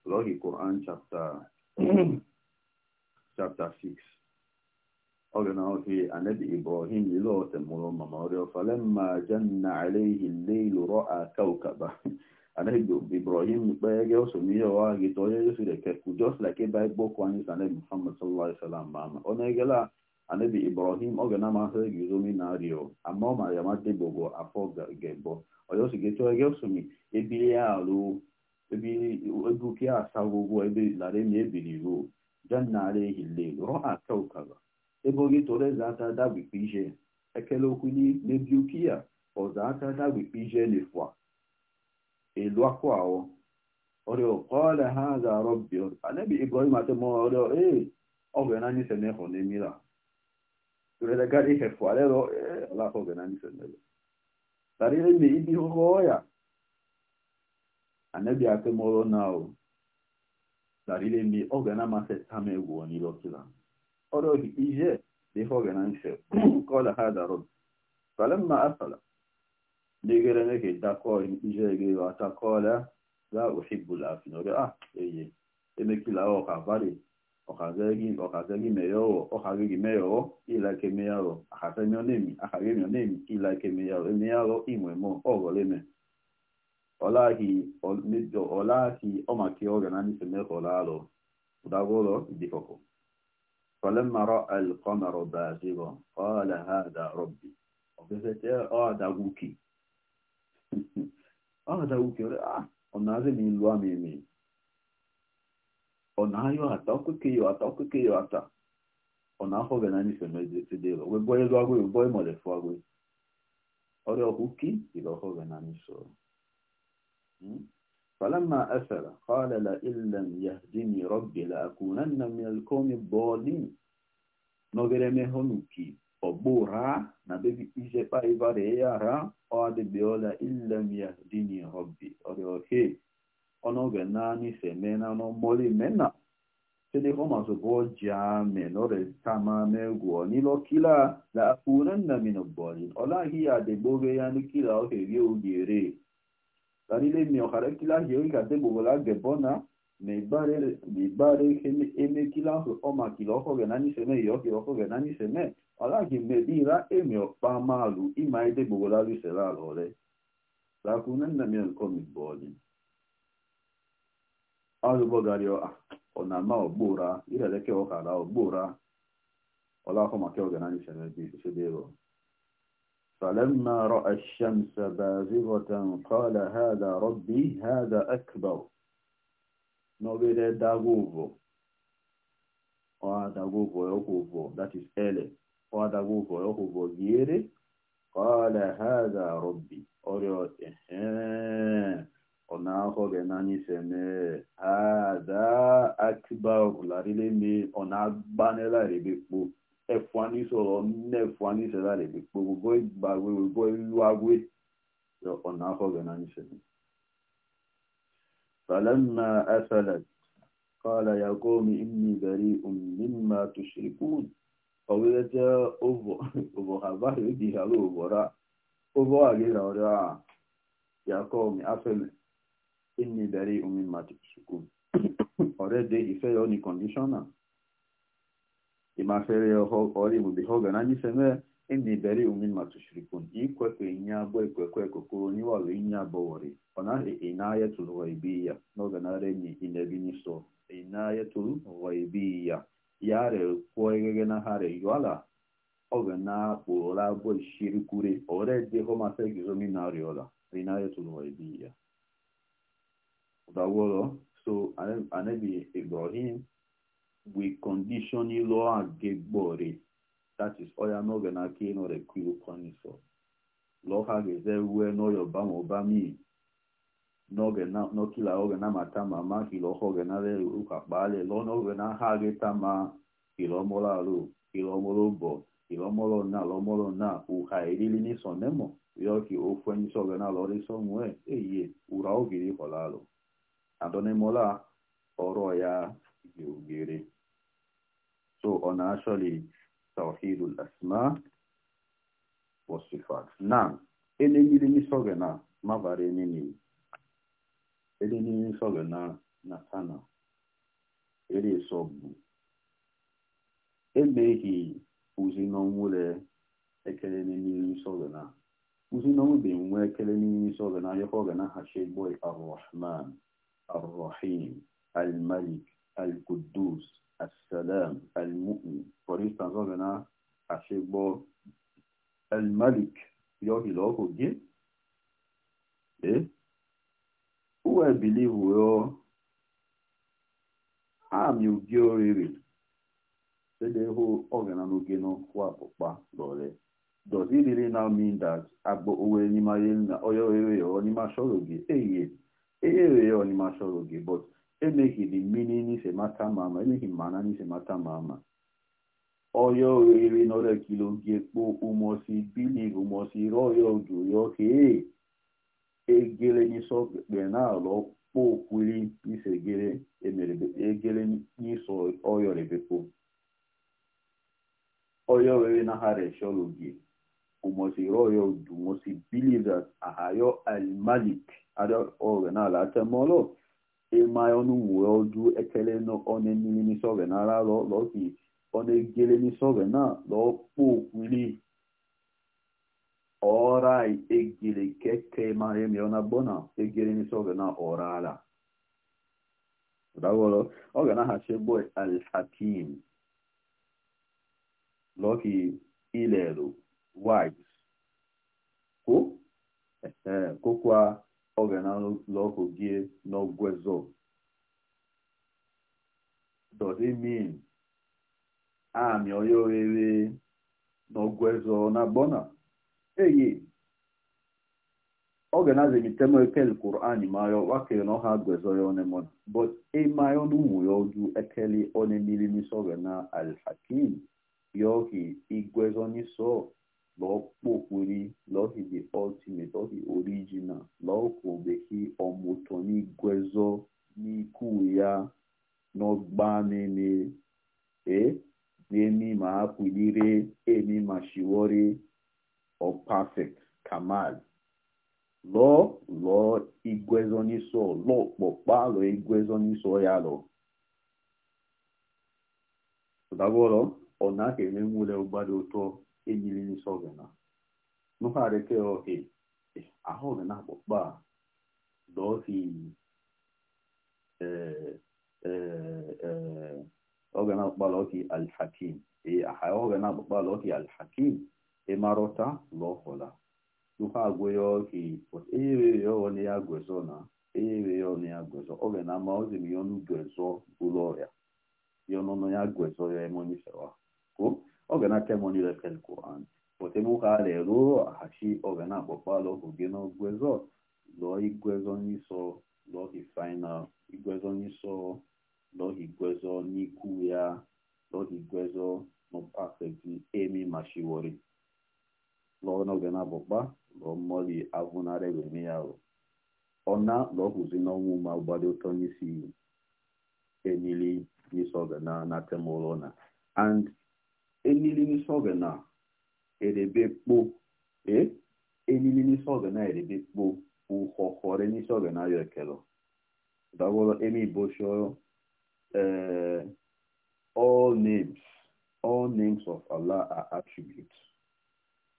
Logi Quran chapter chapter 6 ga na oge anabi ibrahim ilote mụrụ mama ọrịa falemma janna alayhi leilu kaukaba anabi ibrahim n'ihe gị onye keku just like ebe sa anabi muhammad sallallahu alaihi wasallam ma ọ na-egela anabi ibrahim oge na amasị gị zomi na arịọ ama ọ ya ma debogo afọ ga onye osi gị tọ ege oso mi ebili ya alụ ebili ego ke asagogo ebe janna alaihi lelu ọ aka ụkara ebe oge toro eze ata dagbikwa ije ekele okwuli mebi uki ya ọza ata dagbikwa ije nefua elu akwa ahụ ọrịa kọọla ha ga-arọ bi anabi ibrahim atemo ọrịa ee ọgụ na anyị sene hụ n'emira turelegari hefu alero ee ọlaka ọgụ na anyị senere tara ihe me ibi hụhụ ya anabi atemoro na ahụ narile mi ogana mase tame woni lokila orog ije de hogana nse kola hada rob falamma asala digere ne ke dako ije ge wata kola la uhibbu alafin ore ah eye eme kila o ka vale o ka zegi o ka zegi meyo o ka meyo ila ke meyo akase mi ila ke meyo meyo mo ogoleme olahi mido olahi omaki oganani semeko lalo udagolo dikoko فلما راى القمر بازغا قال هذا ربي وكذلك اه داغوكي اه داغوكي اه onaze ọ lua mimi onayo na okukiyo hata okukiyo hata onaho benani semedelo weboye lwagwe Ọrịa molefu agwe ore ohuki iloho soro فلما أثر قال لئن لم يهدني ربي لأكونن من القوم الضالين nogeremehonuki obora na bebi izepa ibare yara ọadịbiola ilem yahdini hobi orioke ọnọge naanị semena n'ọmọli mena tedihọmazobo jiame noretamamegwuo n'ilokila lakunanna min obolin ọlaghị adịgboge ya n'ikila oherie me me me me o tarile mioxare kila hiorikate gbogola gebona meibare emekila omakila okoge naniseme iyoke okoge naniseme olaki medira emiokpamalu imaide gbogola lusela alore lakunenda mielkomi boli alụbogario ah, onama bura ireleke ọkara ogbora ọlakọmake oge naniseme bi sedero فلما رأى الشمس بازغة قال هذا ربي هذا أكبر نوبيل داغوفو واداغوفو يوكوفو that is ele واداغوفو يوكوفو جيري قال هذا ربي أريد onako ge nani seme hada akbar larile mi onagbanela rebe بو ẹ̀fọ́ni sọ̀rọ̀ ní ẹ̀fọ́ni sẹ̀dá lè gbé gbogbo ìgbàgbé gbogbo ìlúwàgbé ọ̀nà afọ́gẹ̀ náà níṣẹ́. فلما أفلت قال يا قوم إني بريء مما تشركون ọ̀wẹ́rẹ́ jẹ́ ọ̀bọ̀ àbáyé di ìhàlú òbọ̀rá ọ̀bọ̀ àgẹ́rẹ́ ọ̀rẹ́ à yàkọ́ mi afẹ́mẹ̀ ìní ìbẹ̀rẹ̀ omi màtìkùsùkù ọ̀rẹ́ dé ìfẹ́ yọ ní kọ̀ndíṣọ́nà ya imafere ọrịmụ dị hoga na nyifeme ndị beri umin matushirikun ikwekwe inye abụọ ekwekwe ekokoro niwalụ inye abụwari ọ naghị inaye tụrụ waibi ya n'oge nara enyi inebi n'iso inaye tụrụ waibi ya ya rekwuo egege na ha reyọla oge na-akpụla abụọ shirikure ore dị homase gizomi na arịọla inaye tụrụ waibi ya ụdawolo so anabi ibrahim we condition ilo agegbore that is oya n'oge na aka ịnọrọ ekwiru kwaniso lọha ga-eze ruo n'ọya ọbama ọbami n'oge n'okila oge na mata mama ilọha oge na lere ụka kpaale lọ n'oge na ha agịta ma ilọmọrọ arụ ilọmọrọ ụbọ ilọmọrọ na lọmọrọ na ụha erili n'iso nemo yọki ofu enyisi oge na lọrọ iso nwee eyiye ụra ogiri họlalụ adọnemola ọrọ ya ugere. So on actually Tawhidul Asma was sifat. Now, enemi ni soge na mavare nini. Enemi ni na natana. Ere sobu. Ebehi uzi n'onwule ekele n'enimi soge na. Uzi n'onwube nwe ekele n'enimi soge na. Yoko oge na ha shegbo Ar-Rahman, Ar-Rahim, Al-Malik, Al-Quddus, Al-Salam, Al-Mu'min. For instance, ọ a achịgbo Al-Malik ya ohiri ọkụ gị. e Uwe bilivu yo ha mi oriri. Sede hụ ọga na n'oge n'ọkwa ọkpa lọrịa. Does it really now mean that agbo owe n'ime onye ohere ya ọ n'ime gị? Eye, eye ohere ya but emeghiri mmiri n'ise mata mama emeghị mmana n'ise mata mama ọya oriri n'ọrịa kilo gị kpo umosi bilig umosi rọya odu ya kee egele n'isọ na alọ kpo okwuli n'ise gere emere e na ha reshọlụ gị umosi rọya odu umosi bilig ahayo almalik arịọ ọrịa na ala emaye ọnụ mue ọdụ ekele ọnụ mmiri n'isọghe n'ara lọki ọnụ egele n'isọghe na lọkpọ okwuli ọra egele keke mara emi ọna gbọna egele n'isọghe na ọra ala dagoro ọga na hachi egbo alhakim ile ilelu wise ko kokwa oge na lọkụ gị n'ogwezo does it mean amị onye ohere n'ogwezo na bona eye oge na zemitemo ekeli kur'ani mayo wakere na ọha gwezo ya onemona but ịmayo n'ụmụ ya oju ekeli onye mmiri n'iso oge na alhakim yohi igwezo n'iso lọkpokpori lọhi the ultimate ọhi original lọkwobeghi ọmụtọ n'igwezo n'ikwu ya n'ọgbanene e emi ma apụlire emi ma shiwori ọ perfect kamal lọ lọ igwezo n'iso lọkpọkpa lọ igwezo n'iso ya lọ dagoro ọ na-eme nwule ụgbado ụtọ enyilisi ọgana nụgharịke ohe eh, ahụ ọgana akpọkpa dọhi eh, eh, ọgana akpọkpa lọhi alhakim ee aha ọgana Alhakin lọhi alhakim ịmarọta lọhụla nụha ya ọna e ya gwezo na e ya ọna ya gwezo ọgana ama ya gwezo ya ya gwezo ya ogana temoni el Quran potebu ha lero hashi ogana bopalo hugeno gwezo lo igwezo niso lo hi final igwezo niso lo hi gwezo nikuya lo hi gwezo no perfectly emi mashiwori lo no gena bopa lo moli avunare wemiyawo ona lo huzi no muma ubadi otoni si enili niso gana na temolona and enilini sogena erebe kpo e enilini sogena erebe kpo uhohore ni sogena yo ekelo dagolo emi bosho uh, eh, all names all names of Allah are attributes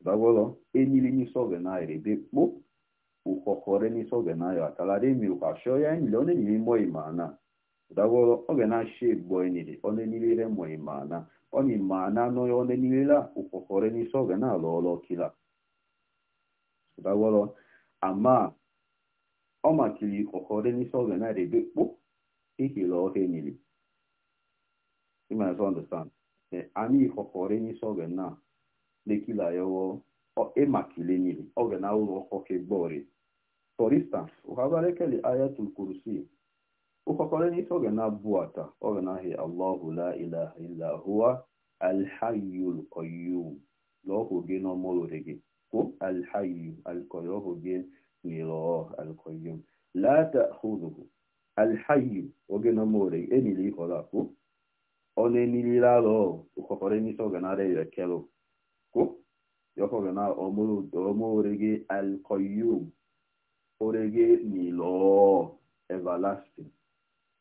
dagolo enilini sogena erebe kpo uhohore ni sogena yo atalare mi ukashoya ni lone ni dagoro oge na she gboeniri onenilire moimana onimana no onenilila ukokore nisi oge na ala ọlọ kila dagoro ama ọmakili nisi oge na rebe kpo ihila ohe nili you must e, nisi oge na lekila yowo emakile nili oge na ụlọ for instance ayatul ụkọkọrọ n'isi oge na-abụ ata oge na-ahịa allahu la ilaha alhayul lọhụ gị n'ọmụrụre gị kwụ alhayu alkọyọhụ gị n'ilọọ alkoyum la ta'khudhuhu alhayu oge n'ọmụrụre gị enili ịhọrọ akwụ ọ na alọ oge na kwụ na gị alkoyum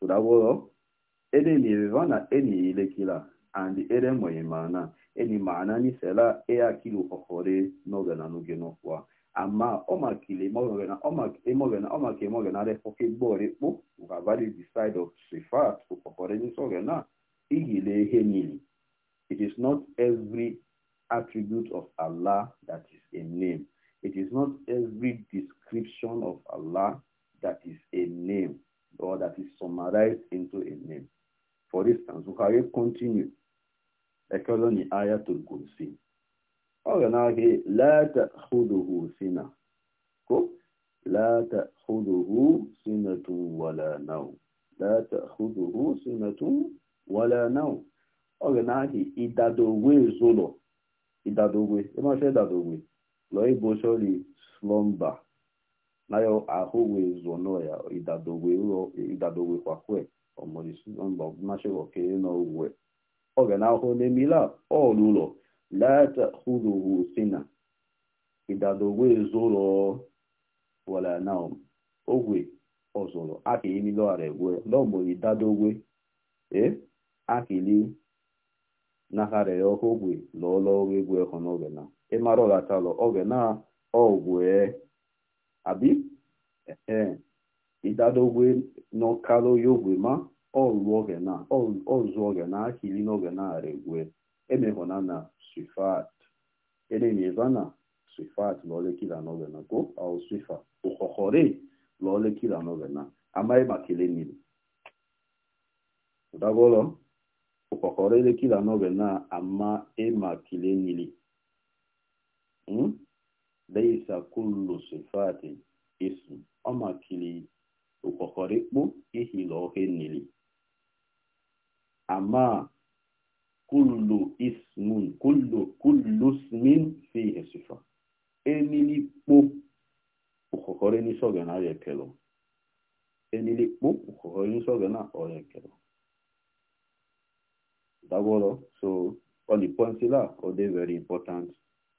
Sudabolo, ene ni na eni ilekila, andi ere mwenye maana, eni maana ni sela ea kilu ohore nogena nugeno kwa. Ama oma kile mogena, oma emogena, oma ke mogena re foke bore u, ukavali beside of sifat, ukohore ni sogena, ihe niile. It is not every attribute of Allah that is a name. It is not every description of Allah that is a name. or that is summarized into a name. For instance, Bukhari continue. Ekoloni ayatul kursi. Ọ̀rọ̀ náà he láta kúdùhù sínà. Kó láta kúdùhù sínà tún wàlà náà. Láta kúdùhù sínà tún wàlà náà. Ọ̀rọ̀ náà he ìdàdòwe zolo. Ìdàdòwe. Ẹ máa ṣe ìdàdòwe. Lọ ibo sọ́rí slumber. nayo ahụ wee zụọ nọ ya idadowe kwakwe ọmọdụmachịwoke n'owuwe oge na ahụ n'emila ọlụlọ lata huruhu sina idadowe zụrọ wala naum ogwe ọzụrụ aka imilọghara egwe lọmọ idadowe e akili nahara ọhụgwe lọlọ ogwe egwe ọhụ n'oge na ịmara e ọghatalụ oge na ọgwee àbí ìdádógbé n'ọka lórí ogwe ma ọzụ oge na ahịrị n'oge na-ara egwe emehọna na swifat enemezana swifat lọlekila n'oge na ko au swifa ụkọkọrị lọlekila n'oge na amaghị ma kelee nile ụdagọlọ ụkọkọrị elekila n'oge na ama ema kelee nile ليس كل صفات اسم أما كلي وكخريبو إيه لوهنلي أما كل اسم كل كل اسم فيه صفة إني بو وكخريني سوغنا يكلو إني بو وكخريني سوغنا يكلو D'abord, so, on the point là, on est very important.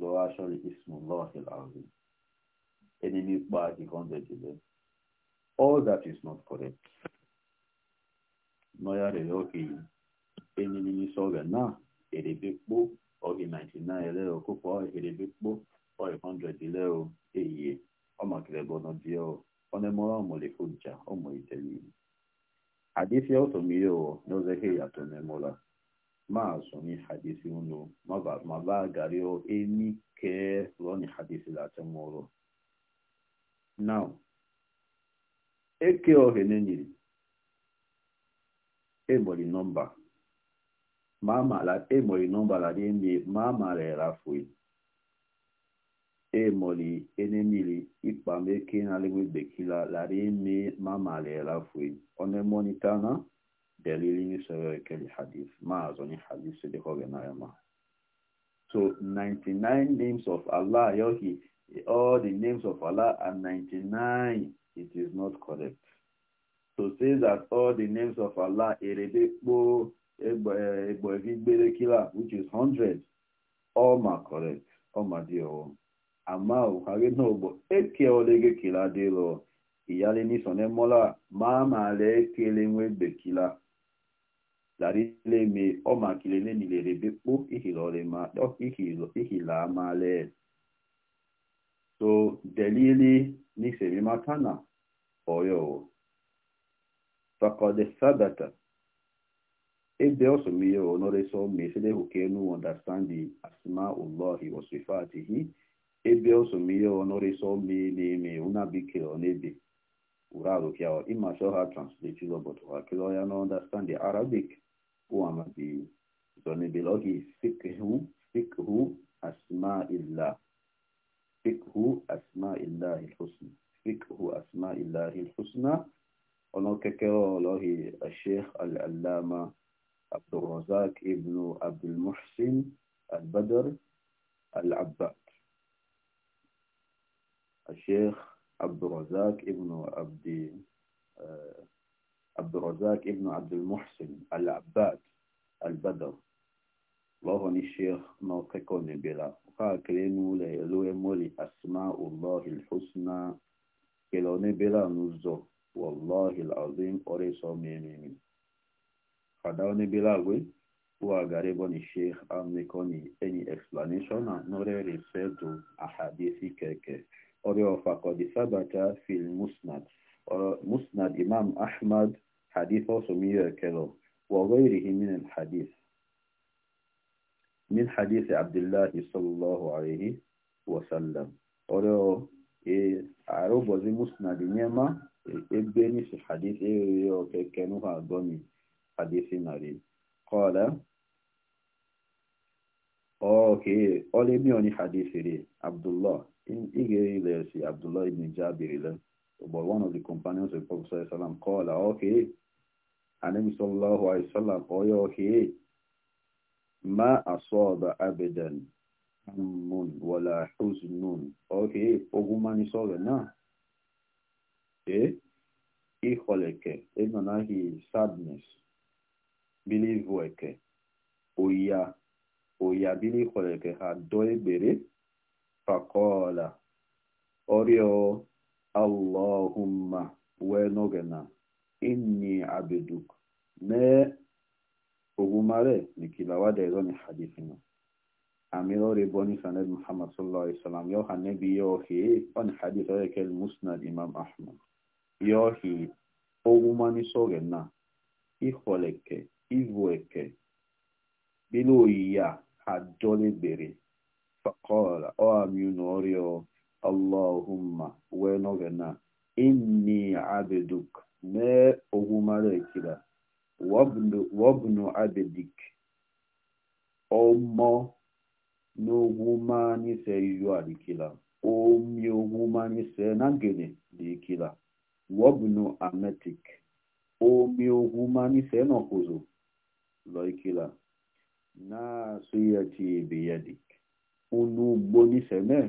lọ actually ismullah al-azim enemy part he hundred eleven all that is not correct lọ́yà rẹ̀ lọ́kì enemy ní sọ̀rọ̀ náà èrè bí pọ́ ọ̀gì ninety èrè hundred ẹlẹ́rọ èyí ọmọ kìlẹ̀bọ̀ náà ọ ọmọ lè fò ọmọ ìtẹ̀lẹ́ máa sọ ní hadisi nù má bá gàrí ọ ẹni kẹ lọ ní hadisi láti mú ọrọ now eke ọhẹ n'enyere egbori nọmba egbori nọmba ladị emi ma mara erafue emoli enemiri ikpameke na legwe bekila ladị emi ma mara erafue ọ na-emonitana dalili ni sawa kali hadith ma azoni hadith se deko gena ma so 99 names of allah yohi all the names of allah are 99 it is not correct to so say that all the names of allah eredekpo egbo evigbere eh, kila which is 100 all are correct all ma di o ama o kage na ogbo eke olege kila de lo iyale ni sonemola ma ma le ọ niile larileme ọmakilelenilelebekpo ihilamale so delili na oyowo fakode sabata ebe mmiri onoreso meselehukenu understandi asma ullahi wasifatihi ebe osomiye onoreso meneme unabikiro nebe urarukiao imashoha translate lobotoha kiloya no understand the arabic وما بي زوني بلوغي فقه فقه أسماء الله فقه أسماء الله الحسنى فقه أسماء الله الحسنى ونوكا كيرو لوهي الشيخ العلامة عبد الرزاق ابن عبد المحسن البدر العباد الشيخ عبد الرزاق ابن عبد آه، عبد الرزاق ابن عبد المحسن العباد البدر الله الشيخ موقعك نبيلا وكاكلين لولو مولي أسماء الله الحسنى كيلو نبيلا نزو والله العظيم أريسو ميمين فداو نبيلا وي وأغاربو الشيخ أمنيكوني any explanation نوري رسالة أحاديثي كيكي أريو فقد ثبت في المسند مسند إمام أحمد حديث سمية كلام وغيره من الحديث من حديث عبد الله صلى الله عليه وسلم ولو أعرف وزي مسند نعمة إبني في حديث كانوا أدوني حديث ناري قال أوكي أولي ميوني حديث ري عبد الله إن إيجي لي عبد الله بن جابر لي By one of the companions of Prophet Sallallahu called her, okay, and then Sallallahu Alaihi Wasallam, oh, okay, ma asaba abadan hammun wala huznun. Okay, ogumani sọ̀rọ̀ náà. Eh, iholeke, enonahi sadness, believe weke, oya, oya bili iholeke ha bere, fakola, orio, Allahumma wee n'oge na inni abiduk mee ogumare nikilawa da ezo ni hadithi na amiro ribo ni sanad muhammad sallallahu alaihi wasallam yo hanebi yo hi on hadith o yekel musnad imam ahmad yo hi ogumani soge na iholeke ivueke bilo ya adole bere faqala o aminu orio allahumma wee na. inni abiduk mee ogwumara ekira wabnu abidik ọmọ n'ogwumanise iyu adikila omi ogwumanise na gene dikila wabnu ametik omi ogwumanise n'ọkụzụ lọikila na suyati biyadik unu ugbo nise mee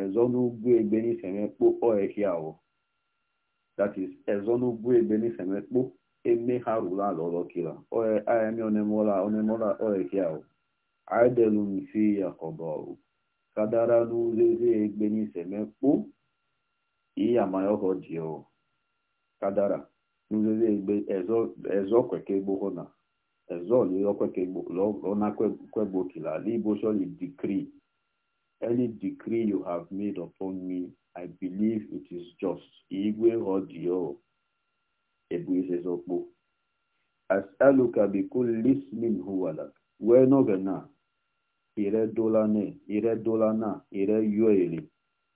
ezonugwu egbenisemekpo oehiawo that is ezonugwu egbenisemekpo eme ha rụrụ ala ọlọkila e, ayami e onemola onemola oehiawo aidelumfi ya kọbọrụ kadara n'uzeze egbenisemekpo iyamayohojio kadara n'uzeze egbe ezo kweke gbogbo na ezo lọnakwegbo kilali ibocholi dikrii any decree you have made upon me, I believe it is just. Igwe Hodio Ebuizezokbo. As'aluka bikul lismin huwalak. Weno gana. Ire dolane, ire dolana, ire yoele.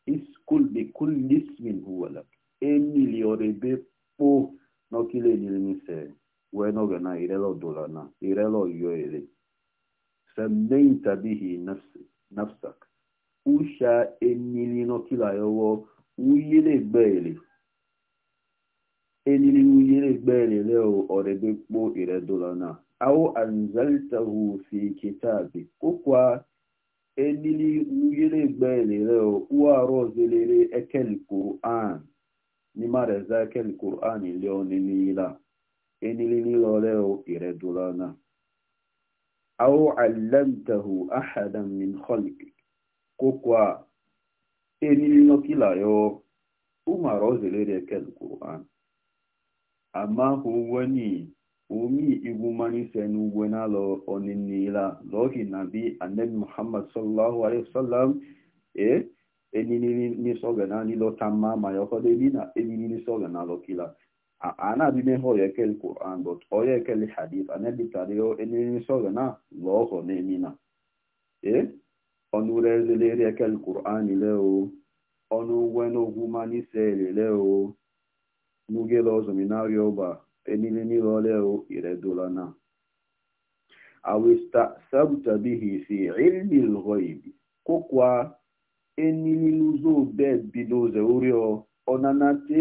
Iskul bikul lismin huwalak. Emi liorebe po nokile nilmise. Weno gana, ire lo dolana, ire lo yoele. سميت به نفسك usha enili nọkila yọwọ uyele gbẹẹlẹ enili uyele gbẹẹlẹ lẹwọ ọrẹgbẹ kpo ìrẹdọlọ náà awo anzaltahu fi kitaabi kokwa enili uyele gbẹẹlẹ lẹwọ uwarọ zelere ekeli qur'an nimareza ekeli qur'an ilé ọnilila enili nilọ lẹwọ ìrẹdọlọ náà awo alamtahu ahadan kokwa enilino kilayo umara ozelere kel quran ama huweni umi igumanise n'ugwe nalo oninila lohi nabi anabi muhammad sallallahu alaihi wasallam e enini ni soga na tamma tamama yokode bina enini ni soga na lokila ana bi meho yekel quran but oyekel hadith anabi tario enini soga na loho nemina e ọnụre ezelere kelkuran leo ọnụ ugwe n'ogwu manisel leo n'ugele ọzọminario ọba enile niile oleo iredolana awistasabta bihi fi ilmi lghaib kokwa enililuzo bebidoze urio ọnanate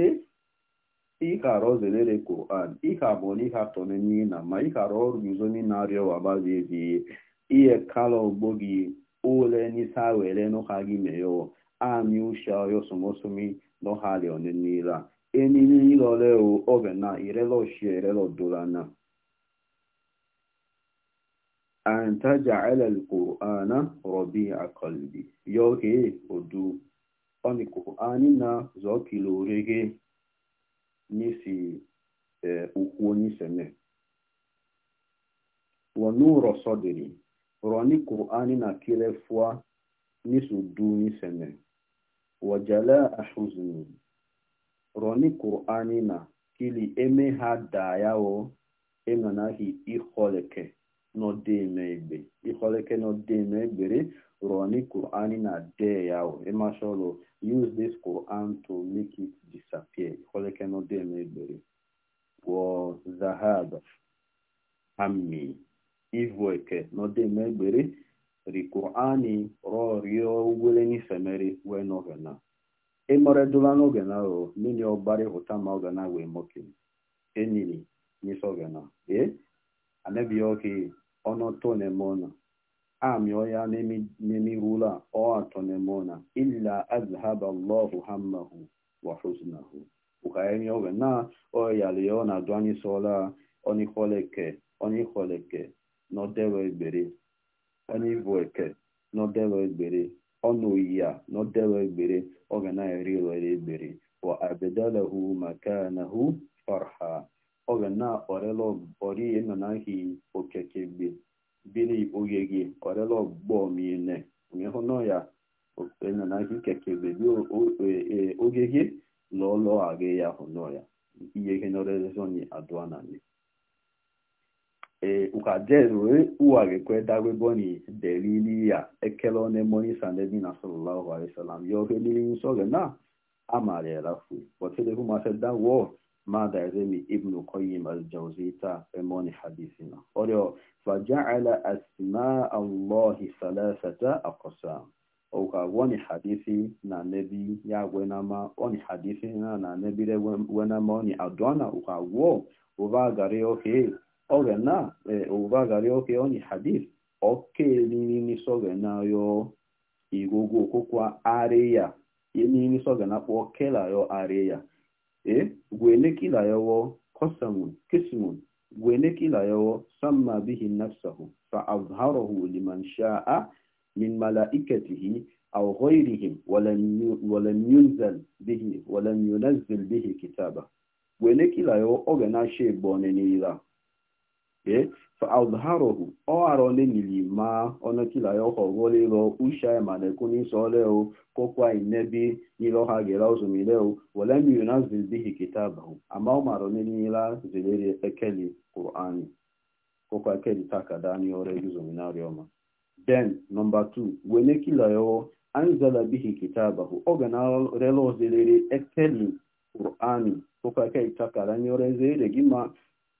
ịghara ozelere kuran ịghabụ na ịghatọnenina ma ịghara ọrụ guzo n'inarịọ wabazi ezi ihe kala ogbo gị ole n'isa were n'ụha gị meyo amị ushia yosomosomi n'ọhari onenile a enini e ilore o oge na irelo oshi erelo dolana an taja'ala alqur'ana rabi'a qalbi yoge odu oni qur'ani na zokilo rege nisi eh, ukwu onye sene wa nuru sadri rọ̀ní kùránì nà kírẹ́ fúá ní sùdú ní sẹ̀mẹ̀ wọ̀jẹ̀lẹ̀ àṣùzùnù rọ̀ní kùránì nà kili eme ha daya o enanaghị ịkọleke n'ọdeme egbe ịkọleke n'ọdeme egbere rọ̀ní kùránì nà dee ya o emashọlọ use this quran to make it disappear ịkọleke n'ọdeme egbere wọ zahab hammi ivu eke ivueke n'ọdịmegbere rikuani rọrịọ ugwele n'ifemeri wee n'ogena ịmọredula n'ogena o mmiri ọgbari ịhụta ma ogena wee moke enili n'isi ogena e anebioke ọnọtọ nemona amioya nemirula ọ atọ nemona illa azhaba allahu hammahu wa huznahu ukaeni ogena oyaliyo na anyị dwani sola onikoleke onikoleke n'ọdelo egbere ọnịbụ eke n'ọdelo egbere ọnụ oyi a n'ọdelo egbere ọ ga na-eri egbere wa abedalahu farha ọ ga na-orelo ọrie nọ n'ahị okekegbe biri oge gị orelo gbọ mine ya e nọ kekegbe bi e, e, oge gị lọlọ agị ya nọ ya ihe ihe adụa na E, ukajezwe uwagekwenda gweboni delili ya ekelone moni sandemina sallallahu alaihi wasallam yoge nili nsoge na amari rafu watede kuma sedda wo mada ezemi ibnu qayyim al-jawzita emoni hadithina oryo faja'ala asma allah thalathata aqsam ukagwoni hadithi na nebi ya gwenama oni hadithi na na nebi re gwenama oni adona ukagwo uva gare okay na ọghena ụvaghara oke onye hadith ọkeliniso na yo igogo okokwa ya areya yeniniso ọghena kpọ kelayo areya e gwenekilayowo kosamun kisimun gwenekilayowo samma bihi nafsahu fa azharahu liman sha'a min malaikatihi أو غيرهم ولم ولم ينزل به ولم gwene kila كتابه ونكلا يو أغنى شيء بونني e faudharohu ọghara nenili ma ọnọkila ya ọhọgolero ushai madekunsoleo kokwa inebi niloha gera ozumileo welemina zilbihi kitabahu ama ụmaro nenila zelere ekeli qur'ani kokwa ekeli takadani ore ezominarioma then number two wenekila yo anzala bihi kitabahu oganarelo zelere ekeli qur'ani kokwa ekeli takadani ore zelere gima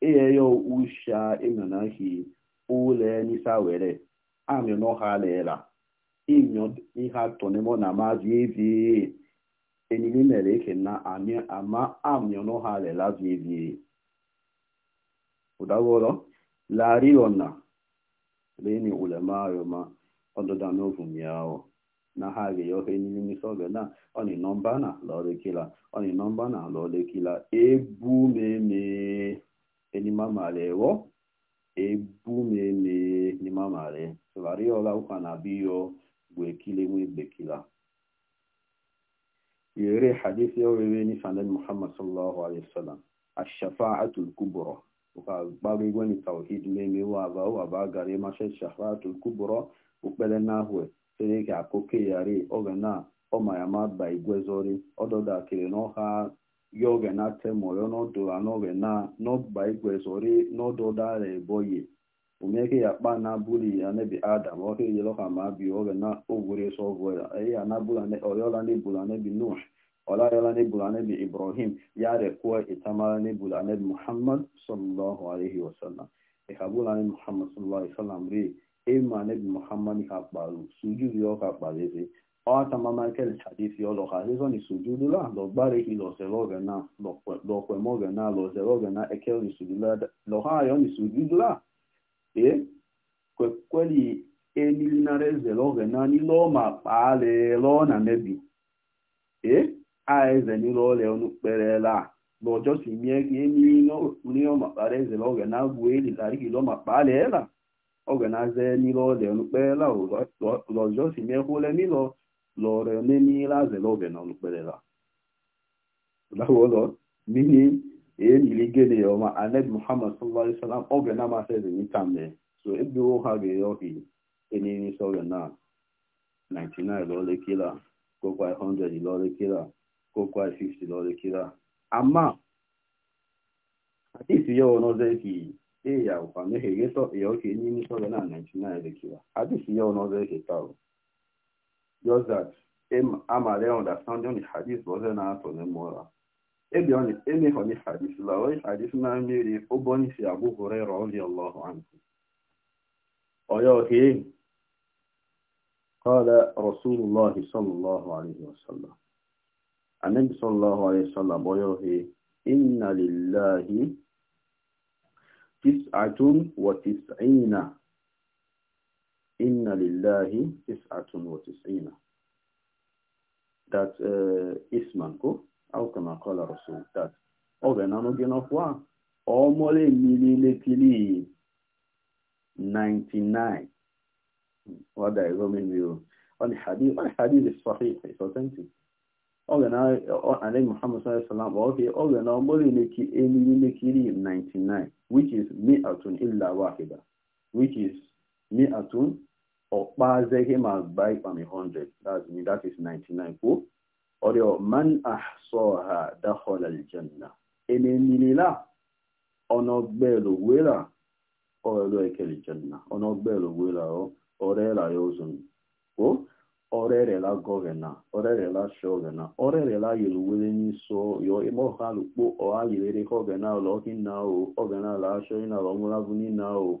eyeyo usha imanahi ule nisa were amị n'ọhalela inyo ihe atonemo na enili mere eke na ama amị n'ọhalela ụdagoro lariona leni ulema ọdụda n'ovum na ha ga-eyohe n'ihe na nọmba na nọmba na ebu enimamare wo ebumeme nimamare solariola ukana biyo gwekile mwebekila yere hadithi yowewe ni sanad muhammad sallallahu alaihi wasallam ashafa'atu al-kubra ukabagi gwani tawhid meme wa ba wa ba gare ma shafa'atu al-kubra ukbele nahwe sele ka koke yare ogana o mayama ba igwezori ododa kire no ha na-atema ya oghena temoro n'odo anoghena n'ogba igwe sori n'odo dara eboye umeke ya kpa na buli ya nebi adam oke yelo ka ma bi na ogwere so ogwera e ya na bula ne oyola ne bula ne bi nuh ola yola ne bula ne bi ibrahim ya re ko itamara e ne bula ne bi muhammad sallallahu alaihi wasallam e ka bula ne muhammad sallallahu alaihi wasallam ri e ma ne bi muhammad ka kparu suju yo ka kpareze ọta mama kele hadisi ọlọha hizo ni sujudula lọgbari hi lọsẹlọgẹ na lọpẹmọgẹ na lọsẹlọgẹ na ekele ni sujudula lọha ayọ ni sujudula e kwekweli emilinare zelọgẹ na nilọ ma kpaale lọ na mebi e aeze nilọ le ọnụ kperela lọjọ si mie ka emilino ma kpara eze lọgẹ na gbuo elilari hi lọ ma kpaale la ọgẹ na ze nilọ le ọnụ kperela lọjọ si mie kwule nilọ lore ne mira na lupelela lawolo mini e mili gele yo ma anad muhammad sallallahu alaihi wasallam oge na so e ha e na 99 lore kila ko 100 lore kila ko 50 lore kila ama hadisi yo no ze ki e ya kwa ne he e na 99 kila hadisi eke taa just that amare understand on the hadith wasn't out on the moral. Ebi on the any on the hadith, la oi hadith na miri oboni si Abu Hurairah radiyallahu anhu. Oyo he قال رسول الله صلى الله عليه وسلم النبي صلى الله عليه وسلم ويوهي إن لله تسعة وتسعين inna lillahi tis'atun wa tis'ina. That uh, isman ko, how can I call a rasul? That, oh, then I'm again of one. Oh, mole milile kili 99. What I go mean you? On hadith, on hadith is sahih, it's authentic. Oh, then I, and then Muhammad sallallahu alaihi wasallam, okay, oh, then I'm mole milile 99, which is mi'atun illa wahida, which is mi'atun ọkpazeghị ma gba ikpami 100 that is 99 kwuo ọrịọ man ahsọha dakhala aljanna emenilila ọnọgbelo wela ọrụ ekele janna ọnọgbelo wela ọrela ya ozun kwuo ọrerela gọvena ọrerela shọvena ọrerela yeluwele ọrịa yo ime ọrịa lukpo ọha o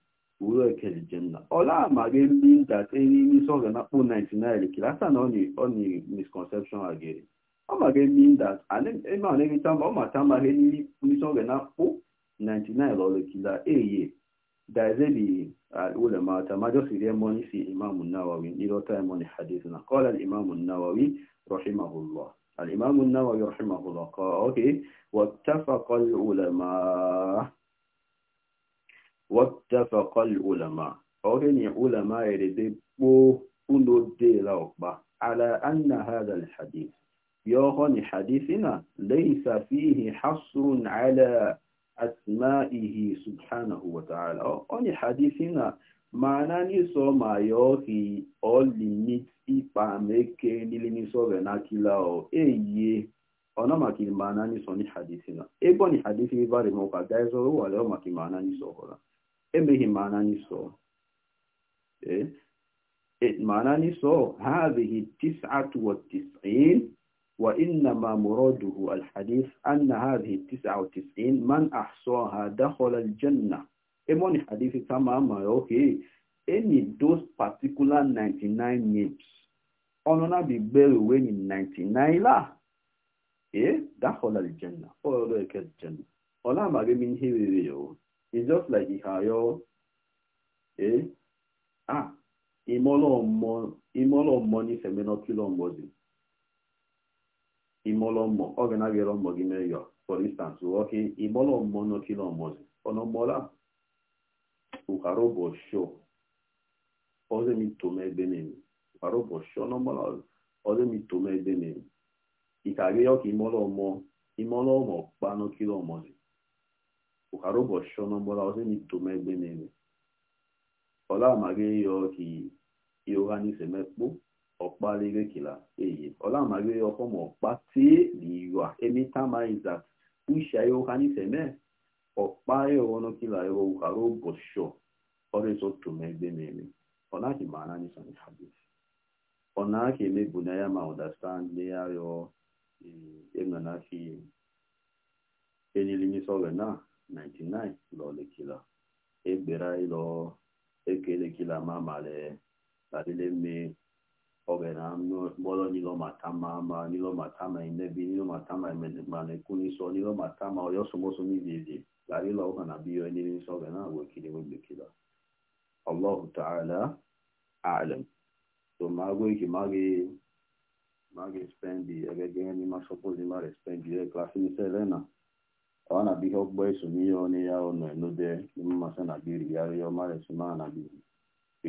uweke jenna ọla amaghị ndị ndata n'ime isi ọga na kpụ 99 kilasa na ọ na misconception agere ọ maghị ndị ndata eme anegịta ma ọ mata amaghị n'ime isi ọga na kpụ 99 ọlekila eye dazebi ulama ta majọ siri emoni si imam nawawi nilota emoni hadith na qala al imam nawawi rahimahullah al imam nawawi rahimahullah qala okay wattafaqa al ulama wattafaqal ulama ọ̀rẹ́ni ulama ẹ̀rẹ́dẹ́ kpó unodela ọ̀pá ala anna hadha alhadith yọ́họ́ ni hadithina laysa fihi hasrun ala asma'ihi subhanahu wa ta'ala ọ́ ni hadithina mana ni so ma yọ́hi ọ̀lìní ipa meke nílé ní sọ̀rẹ̀ nákìlá ọ̀ èyí ọ̀nà màkì mana ni so ni hadithina ebọ́ ni hadithina bá rẹ̀ mọ́ kàdá ẹ̀sọ́ wà lẹ́ọ̀ màkì mana ni sọ̀rọ̀ emeghị maana anyị sọọ maana anyị sọọ هذه التسعة والتسعين وإنما مراده الحديث أن هذه التسعة والتسعين من أحصاها دخل الجنة إمون حديث تماما أوكي any those particular 99 names ọ̀nà bí bẹ̀rẹ̀ wé ní 99 là eh دخل الجنة ọ̀rọ̀ ẹ̀kẹ́ الجنة ọ̀nà àmàgbé mi ń hẹ́rẹ̀rẹ̀ yòó It's just like Ihayo. Eh? Ah, Imolo mo, Imolo mo ni femino kilo mbozi. Imolo mo, ogena gero mo gime yo. For instance, woki Imolo mo no kilo mbozi. Ono mola. Ukaro bo show. Oze mi tome benemi. Ukaro bo show no mola. Oze mi tome benemi. Ikage yo ki Imolo mo, Imolo mo, pano kilo mbozi. ụkara ụbọchị ọnụgbọra ọzọ na itoma egbe na-eme ọla amaghị ya ọka ihe ụha n'ise mekpụ ọkparịrị kila eyi ọla amaghị ya ọkọ ma ọkpa tie n'iwa emitamaịza kpushia ya ụha n'ise mee ọkpa ya ọnụ kila ya ụkara ụbọchị ọrụ ịzọ toma egbe na-eme ọ naghị ma anya nisa na hadis ọ naghị emebu na ya ma understand ndị ya rịọ emena eh, ka enyilimisa ọrịa na 99 lọlekila egbera ịlọ ekelekila ma male ladile mme ogena molo nilo matama ma nilo matama inebi nilo matama manekuniso nilo matama oyosomoso nivivi larilo ogana biyo eniriso ogena wekili wegbekila allahu taala alam so mago iki magi magi spendi egegeni masopozi mare spendi klasị n'ise selena ọ na bihe eso esomihe ọnụ ya ọnụ enode mmasị na biri ya mara na biri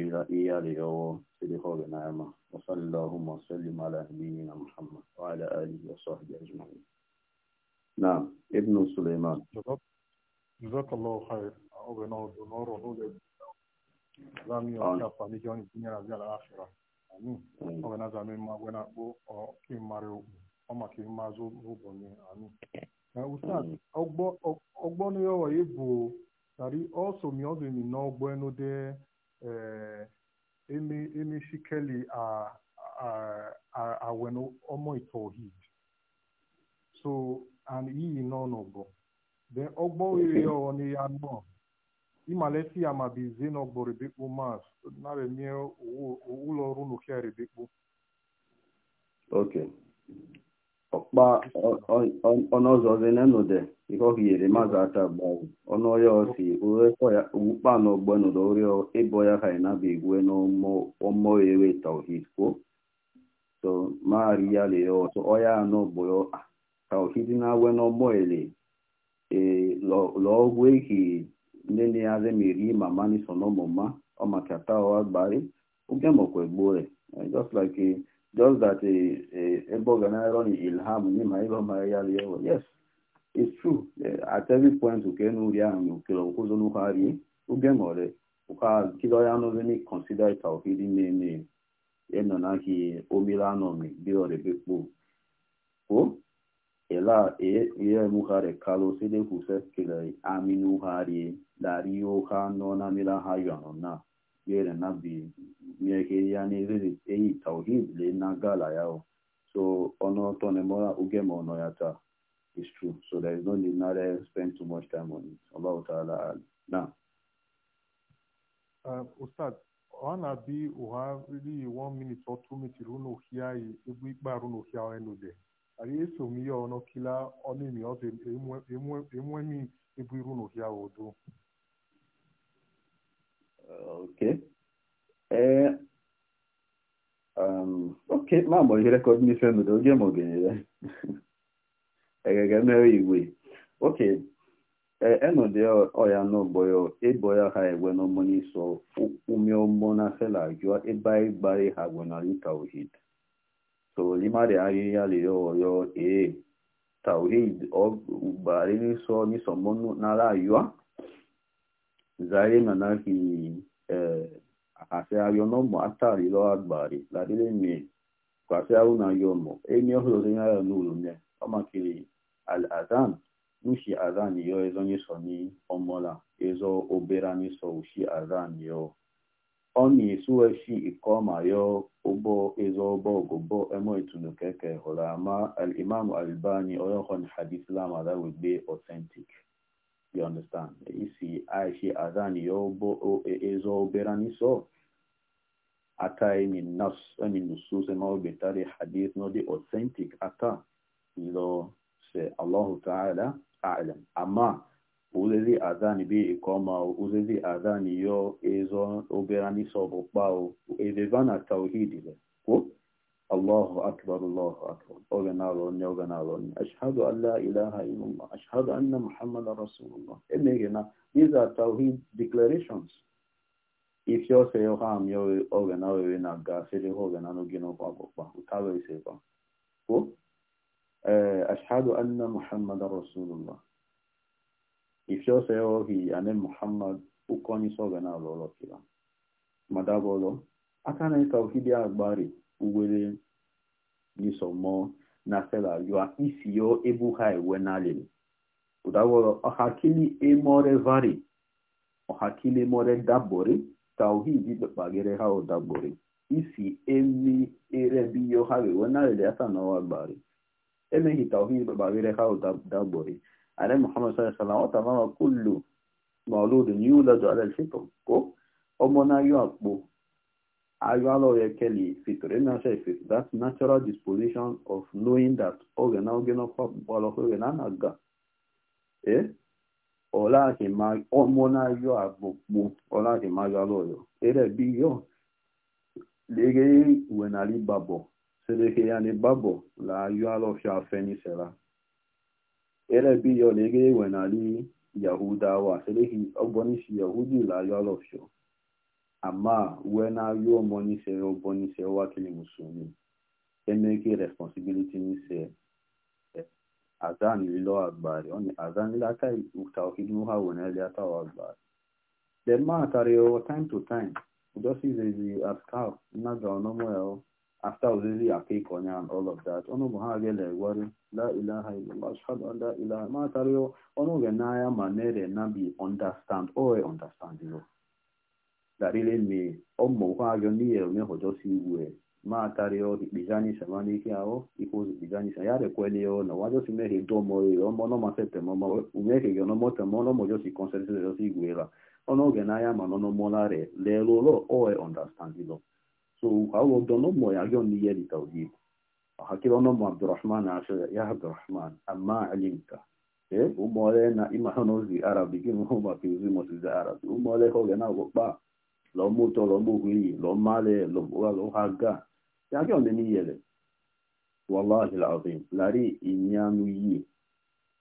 ira iya rịọwọ siri họrọ na ama wasallahu wasallim ala nabiyi na muhammad wa ala alihi wa na na na ọ maka n'ụbọchị Ustaz, ọgbọnụ ya ọwa ebu tari ọsọ mi ọzọ mi n'ọgbọ ẹnu dẹ emi shikeli awen ọmọ itohid so and iyi n'ọnọgbọ then ọgbọ ya ọwa ni ya nọ imaleti ya ma bi zi n'ọgbọ rebekpo mas nara mie ụlọ ọrụ n'oke rebekpo okay ọkpa ọnụ ọzọ zenenode ihe ọhiyere mazi ata gbawu ọnụ ọya ọsi uwukpa na ogbe nudo ori ịbọ ya ha inabi igwe n'ọmọ ewe tauhid kwo so maari ya le ọtọ ọya anọ gboyo tauhid na-awe n'ọmọ ele lọọgwụ ehi ndị na-aze meri mama n'iso n'ọmụma ọmakata ọgbarị oge mọkwa gbuo e. just like just that a a Eboganairon Ilham Nima Ibamayaliyewo. Yes, it's true. At every point, Ukenuria and Ukelokuzonuhari, Ugemore, Uka Kidoyanoveni consider Tawhidi name Enonaki Omilanomi, Biore Bipu. Ko, Ela Ye Muhare Kalo Sede Husef Kilai, Aminuhari, Dario Hanona Mila na. yere na bi mieke ya na ere eyi tauhid le na gala ya o so ono to ne mora uge mo ono ya ta is true so there is no need na re spend too much time on it Allah taala na uh, ustad ọ na-abi ụha ri one minute otu mitir unu hia yi egwu ikpe arụ na ohia enude ari eso m ihe ọnụ kila ọnụ imi ọzọ enwe m ebu iru na ohia odo Okay. Ee. ok ma mgbe ihe rekọd n'ife oge ma ogenyere. Egege mere igwe. ok enụdị ọya ya ha egwe n'ọmọ n'iso ụmụ na fela jụọ ebe ha gwenarị tauhid so limari ahịhịa lere ọyọ ee tauhid zaire manaki eh, àṣẹ ayọnọmọ àtàrí lọ àgbàre ládílé mi kàṣẹ àwọn ayọmọ èmi ọhúrò tó yára lóòrùn yẹn ọmọ kiri al-azan ń ṣe azan yọ ẹzọ ní sọ ní ọmọlá ẹzọ obera ní sọ òṣì azan yọ ọmọ èso ẹṣì ikọ ọmọ ayọ ọbọ ẹzọ ọbọ ògòbọ ẹmọ ìtùnú kẹkẹ ọlàmà al-imam al-bani ọyọkọ ní hadith lam aláwẹgbẹ authentic. You understand? Isi aishi adhani yobo ezo e, oberani so. Ata emi nas, emi nusus ema obetari hadith no the authentic ata. Ilo se Allahu Ta'ala a'lam. Ama uzezi adhani bi ikoma, e, uzezi adhani yo ezo oberani so bokbao. Ezevana tawhidi le. E, Kwa? alahụ akrụlọoa oa sọ en-ee na ịzụ tahi deklarethons isiọ ohe na e s oh, e, oh, a papa ụ ee shadlọ isiọsọ a h ama ụk onyeisi ognalụ ọcmadaụlọ aka nae tahi a a gbari wee nisomo na sela yua isiyo ebuhai ewe nalin udaworo ohakili emore vari ohakili emore dabori tauhidi bagere ha odabori isi emi erebiyo ha ewe nalele ata na wagbari emehi tauhidi bagere ha odabori ale muhammad sallallahu alaihi wasallam otamama kullu mauludun yuladu ala alfitr ko ọmọ náà Agalo Kelly Fitorenache is that natural disposition of knowing that na na oge organ organ organ aga. Eh? Ola hima omona yo abokbu. Ola hima galo yo. Ere bi yo. Lege wenali babo. Sedeke yani babo. La yo alo fya feni Ere bi yo lege wenali Yahuda wa. Sedeke obonishi Yahudi la yo alo fya. ama wena yo moni se yo boni se wa kili musumi emeki responsibility ni se azan lilo agbari oni azan lata utawhid muha wona lata agbari the matter yo time to time just is the askar na ga no mo yo after uzizi akik onya and all of that ono muha gele wari la ilaha illallah ashhadu an la ilaha ma tariyo ono ge manere na bi understand Oye understand you darile mi ommohayo niye omehojosi ma matario ikpizanisha mana ike ahụ ikwozi kpizanisha ya rekweli yo na wajosi mehe domoyo omonomasetemomo umehe gị onomotemono mojosi konsertejosi igwela ọnụoge n'anya mana ọnụmolare lelolo oe understandilo so hawo donomo ya gị niye lita oyibo hakiri ọnụmụ abdurahman asha ya abdurahman amma alimta ee ụmụole na imahonozi arabi gị arabi oge na lọ́mọ́tò lọ́mọ́wìyì lọ́mọ́lẹ̀ lọ́hágà yàgẹ́ ọ̀nà ní yẹlẹ̀ wàláhì làbìn lárí ìyanu yìí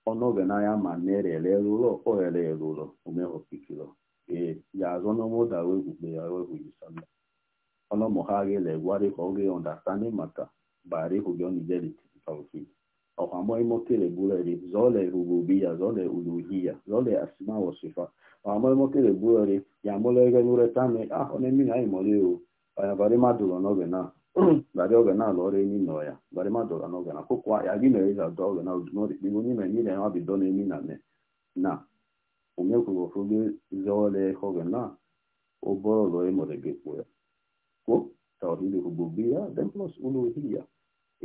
ọ̀nà ọ̀gẹ̀ náà yà má nẹ́rẹ̀ lẹ́rọ̀lọ́ ọ̀rẹ́lẹ̀ ẹ̀rọ̀lọ́ ọmẹ́họ̀ kìkìlọ̀ ee yàzọ́ ní ọmọdà wẹ́gù pé yàwó ẹ̀hù yìí sọ́nà ọ̀nà mọ̀hágẹ́ lẹ̀ wárí ọ̀gẹ́ ọ̀ndàstánì màkà bàárẹ̀ ọ̀gẹ́ amoimokele buleri ah, zole rububiya zole uluhiya wosifa ya molege nuretame ah one mina ya bari madulo noge na bari oge na ala ọrụ enyi nọ ya bari madulo noge na kwụkwa ya gị mere ịza dọ oge na udunori igbo n'ime niile ya bido na emi na me na omekwuru oge na ụbọrọ lọ gị ya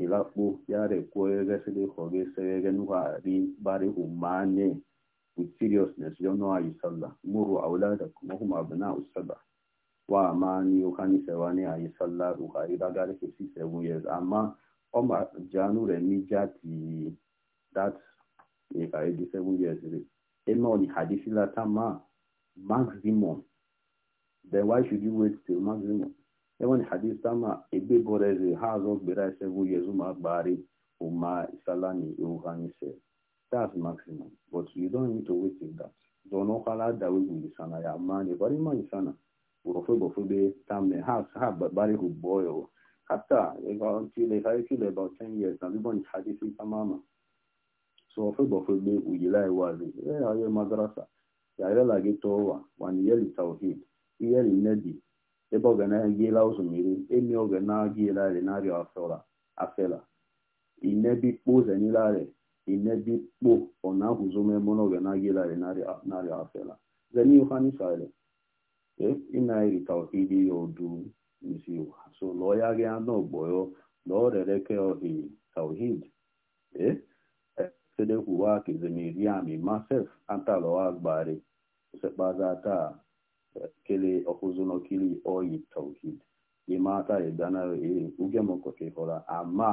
ìlàpò yàrá ẹ̀kọ́ ẹgẹ́ sílẹ̀ ìkọ̀gẹ́ sẹ́gẹ́gẹ́ nípa rí bari umane with seriousness yọ́nà àyíṣàlá múrò àwòládà mọ́kùnmá àbùnà àwòṣàlá wà á máa ní ó kání sẹ́wà ní àyíṣàlá rúkàrí dágárí for six seven years àmọ́ ọmọ àjánú rẹ̀ ní jáde that ìkà eighty seven years rẹ̀ ẹ̀nà ní àdísílá tá máa maximum then why should you wait till maximum ewan hadis tama ebe boreze ha azọ gbere ise bụ yezu ma gbari uma salami ihuhanise that's maximum but you don't need to wait till that don ọkwala dawe gburu sana ya ma ne bari ma sana urofe bofobe tame ha ha bari ku boyo hata ile ha ile about 10 years na bibon hadis tamama so ofe bofobe uyila iwazi eh, ya ya madrasa ya ya lagi towa wani yeli tawhid yeli nedi ebe ọ ga na-agiela ụzọ mmiri emi ọ ga na-agielarị narị afela inebi kpo zenilari inebi kpo ọ na-ahụzome mụna ọ ga na-agielarị narị afela zeni ụhani sare ịnarị taokidi e, ya ọdụ nziwa so lụọ ya gị anụ ogboyo lụọ rereke ohi e, tauhid sedekwuwa kizemiri ami masef atalọwa gbari sekpaza taa kele ohuzuno kili oyi tawhid imata oge e uge moko ke hora ama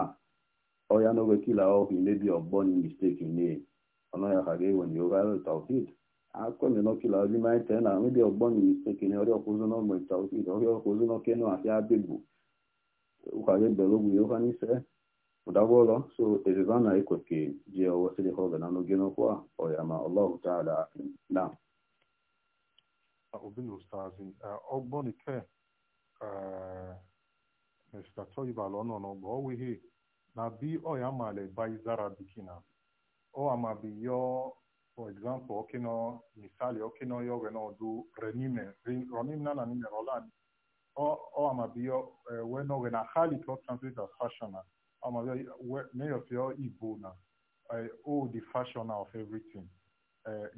oya no we kila o hi maybe o born mistake ne ono ya hage when you ga tawhid akwa me no kila ali mai tena maybe o born mistake ne ori mo tawhid ori ke no afia bibu so ezivana ikwe je o wasili hoga na no geno kwa obinu staazi ọgbọnike e, e, mr toyibal ọnọ n'ọgbọ ọwihi na bi ọya male bai zara bikina ọ amabi yọ for example okino misali okino yọ wena ọdụ renime renime na nime rolan ọ amabi yọ e, wena wena hali ka ọ translate as fashion amabi yọ mayor fiyọ igbo na oh the fashion of everything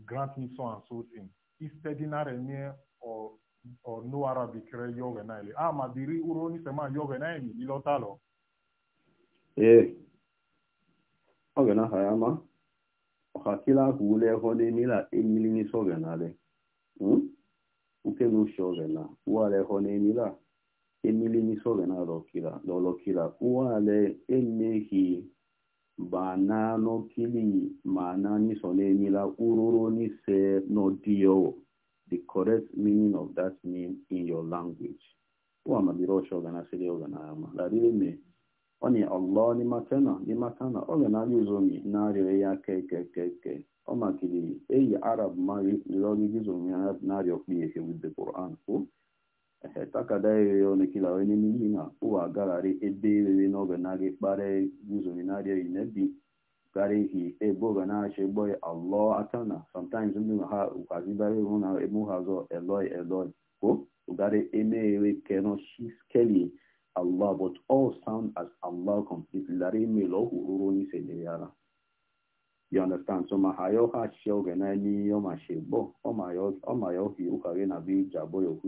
grant me so and so thing istedinare mie o o nu arabic re yoga naili ama ah, diri uroni sema yoga naili ilotalo ee oge na e, ha ama ọhakila kwule ho n'emila emili n'isi oge nale hmm? uke na uche oge na uwale ho n'emila emili n'isi oge na lọkila lọlọkila uwale emeghị banano kili mana ni solemila ururo ni se no dio the correct meaning of that name in your language wa mabiro shoga na sele oga na ama la rile me oni allah ọlọ matena ni ọ oga na yuzo mi na rile ya ke ọ ke ke o makili e arab mari lo ni na rile o pie with the quran takada erere ọnụ kilawe n'ime ihe na ụwa agagharị ebe erere n'oge na-agị kpara guzori narịa inebi gara ihi ebe oge na-achị gbọị alọ atana sometimes ndị na ha ụkazibara ewu na ebe ha zọ eloi eloi ko ugari emeghere cannot skeli allah but all sound as allah completely lara email ọkwụ ruru onye ise nyere ara you understand so ma ha yo ha shi oge na ni yo ma shi bo o ma yo o ma na bi ja bo yo ku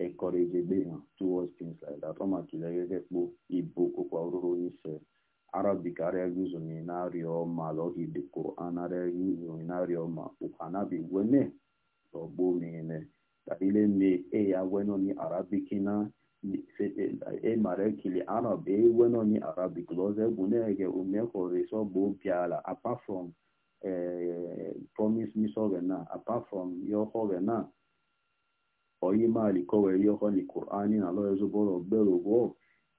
encourageable you know, towards things like that. Ọma kile kekpo Igbo kokwa ruru ise Arabic arịaghị ụzọ na narịọ ma lọghị dị Quran arịaghị ụzọ na narịọ ma ụkanabi wene lọgbo mene ile me e ya weno ni Arabic na e, e mara kili Arab e weno ni Arabic lọzọ egwu na-ege umekwere sọgbo bịala apart from eh, promise me sọgena apart from your hogena oyi mali kowe yoho ni qur'ani na lo ezuboro bero go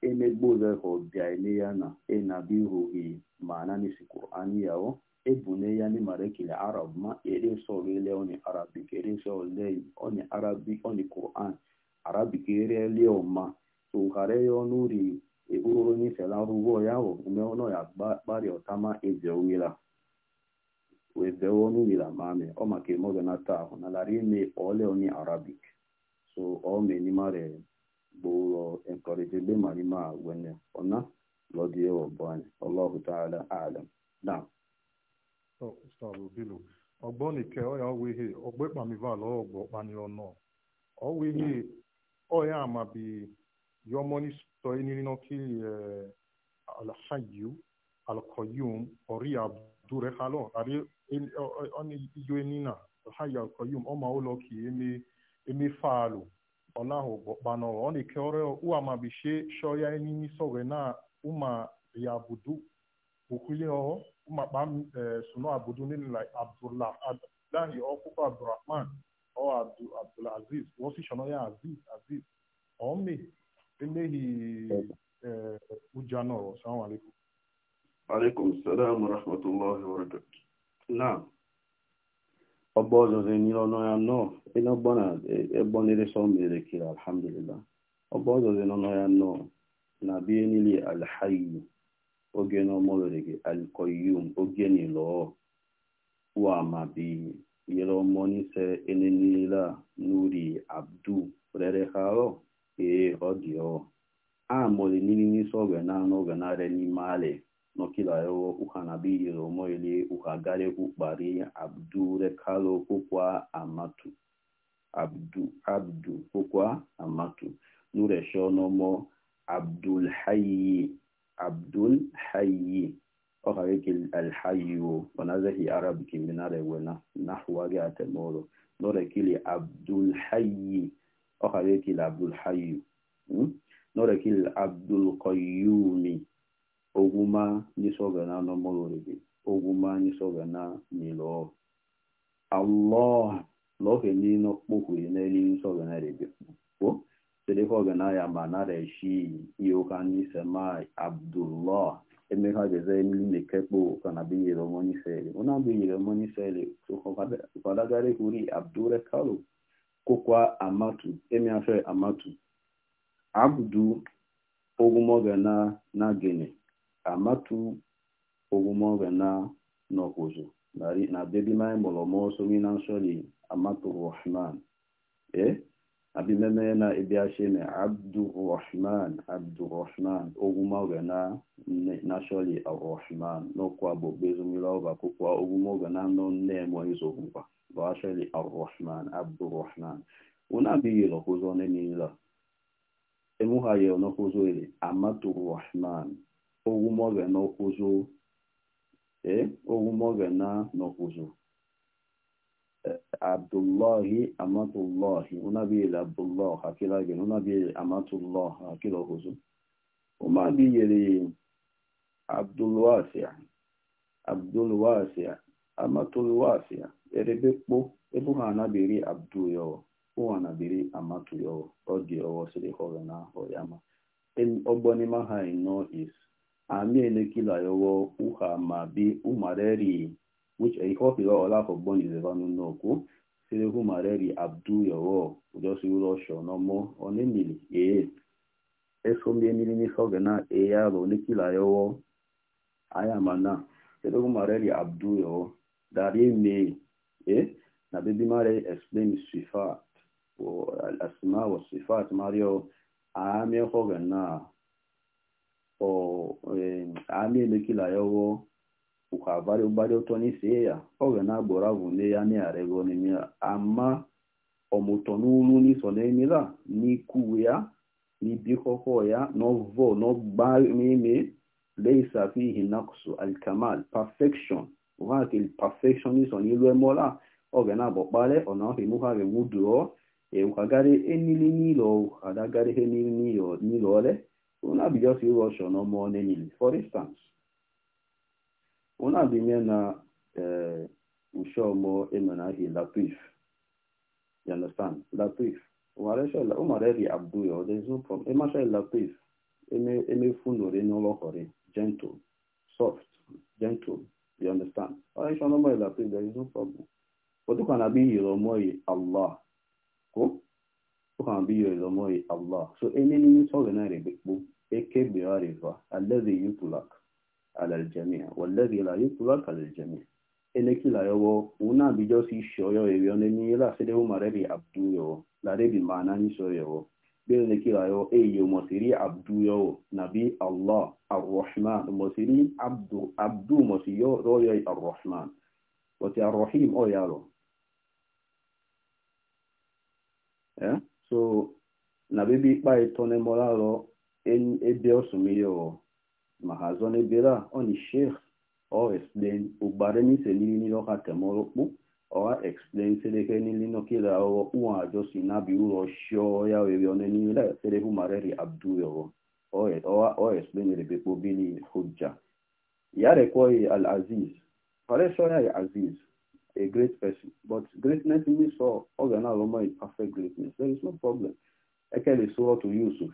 emegboze ho bia ile ya na enabi ruhi maana ni si qur'ani yao ebune ya ni marekile arab ma ere sọrọ ile oni arabic ere sọrọ ile oni arabic oni qur'an arabic ere ile ọma so kare e ya ọnụ ri ekpuroro nyefela ahụhụ ya ahụ ume ọnụ ya kpari ọtama eze omila wee zewe ọnụ mila mami ọ maka emoge na taa ahụ na lara ime ole onye arabic so all many mare bolo encourage be malima wene ona e obani allah ta'ala alam now so ustaz obilu ọgbọ́n ìkẹ́ ọ̀yà ọ̀wéhè ọgbẹ́ pàmìvà lọ́wọ́ ọgbọ́ pàníyàn náà ọ̀wéhè ọ̀yà àmàbí yọmọ́ni sọ nínú kí alhayu alkoyum ọ̀rí abdulrehalọ́ àrí ọ̀nà ìjọ ẹni imifalo olahu banoro oni kioreo uamabishe shoya enini sore na uma yabudu ukuli oho uma bam suno abudu ni like abdullah abdullah o kuko abdurrahman o abdu abdul aziz wọ́n sì ṣọ̀nà ya aziz aziz ọ̀mì eléyìí ujana ọ̀rọ̀ sáwọn alaikum. alaikum salaam wa rahmatulahi wa barakatuh. naam. ọgbọ ọzọzọ enyere ọnụ ya nọ, ịnọgbọ na egbọneresa mere kiri alhamdulila ọgbọ ọzọzọ n'ọnụ ya nnọọ na bie niile alhayu oge n'ọmọrere gị alkoyum oge niile ọ wa ma bi yere ọmọ n'ise enenila nuri abdu rere ha ọ ee ọ dị ọ a mụrụ nili n'isi ọgwe na anụ ọgwe na-arịa n'ime alị nokilayo e uhanabiyiro e moili uhagare ukbari abdure kalo kukwa amatu abdu abdu kokwa amatu nureshonomo abdul hayyi abdul hayyi okageki alhayiwo wanazehi arabu kiminarewena nahuwage atemoro norekili abdul hayyi okagekil abdul hayyu hmm? kili abdul qayumi ogwuma nisoga na nomolorigi ogwuma nisoga na milo allah lohe nino kpokwuri n'elu nisoga na rebekwu kwuo sedekoga na ya ma na ụka iyoka nisemai abdullah emeka geze nimekekpo kana binyere omonisele ona binyere omonisele ukwadagare kuri abdurekalu kokwa amatu emi amatu abdu ogumoga na na amatu ogumoge na nohuzu na debimaye molomoso mina nsoli amatu rahman e abimeme na ebiashime abdurrahman abdurrahman ogumoge na nasoli arrahman nokwa bụ bezumila oba kokwa ogumoge na no nemo izogumba bo asoli arrahman abdurrahman unabiyilo kuzone nila emuhaye onokuzuile amatu rahman ogwumoge n'okwụzụ ee ogwumoge na n'okwụzụ e, abdullahi amatullahi unabiyeli abdullah hakilagen unabiyeli amatullah hakilohuzu umabiyeli abdulwasia abdulwasia amatulwasia erebekpo ebe ha anabiri abdul yowo ụwa anabiri amatu yowo ọ dị ọwọ siri họrọ na ahọ ya ma ọgbọnima ha ino is amene kila yowo uha mabi umareri which a copy of Olaf of Bonn is ever no ku sile umareri abdu yowo ujosi ulo sho no mo onemili e eso mbi emili ni sogena e ya lo ni kila yowo aya mana sile umareri abdu yowo dari me e na bibi mare explain sifat o asma wa sifat mario amene hogena oamielekilayawo bụkwa abalị ụgbalị ụtọ n'isi ya ọ ga na-agboro avụle ya na-arịgo n'ime ama ọmụtọ n'ulu n'iso n'emila n'ikwu ya n'ibikọkọ ya n'ọvọ n'ọgbameme leisa fihi naksu alkamal perfection wakil perfection n'iso n'ilu emola ọ ga na-abọ kpalị ọ na-ahụ imuha ga-egwuduo ewukagarị enili n'ilo adagarihe n'ilo ole una bido si rush no more nenili for instance una bime na eh ushomo emana hi latif you understand latif umaresha la umareri abdu there is no problem emasha latif eme eme funore no lokore gentle soft gentle you understand umaresha no more latif there is no problem but you can be your allah ko kan bi yo lo Allah so eneni ni so gana re bu eke bi are fa alladhi yutlaq ala al-jami' walladhi la yutlaq ala al-jami' eneki la yo una bi jo si so yo e yo ni la se de umare bi abdu yo la re bi mana ni so yo bi eneki la yo e yo mosiri Allah ar-rahman abdu abdu mosiyo ro yo ar-rahman wa ti so na bibi ikpa ịtọ n'emola arọ ebe ọsụmiyo ma ha zọ n'ebere a ọ ni sheikh ọ e, explain ugbare n'ise nili nili ọka temọrọ kpụ ọ explain sereke nili nọkịla ọghọ ụwa ajọ si nabi ụlọ shio ya were ọ n'enile serehu mareri abdu yọrọ ọ explain rebekpo bili hujja ya rekwa e al e aziz pare shọ ya aziz a great person. But greatness means for Ogana Loma is perfect greatness. There is no problem. Ekele Surah to Yusuf.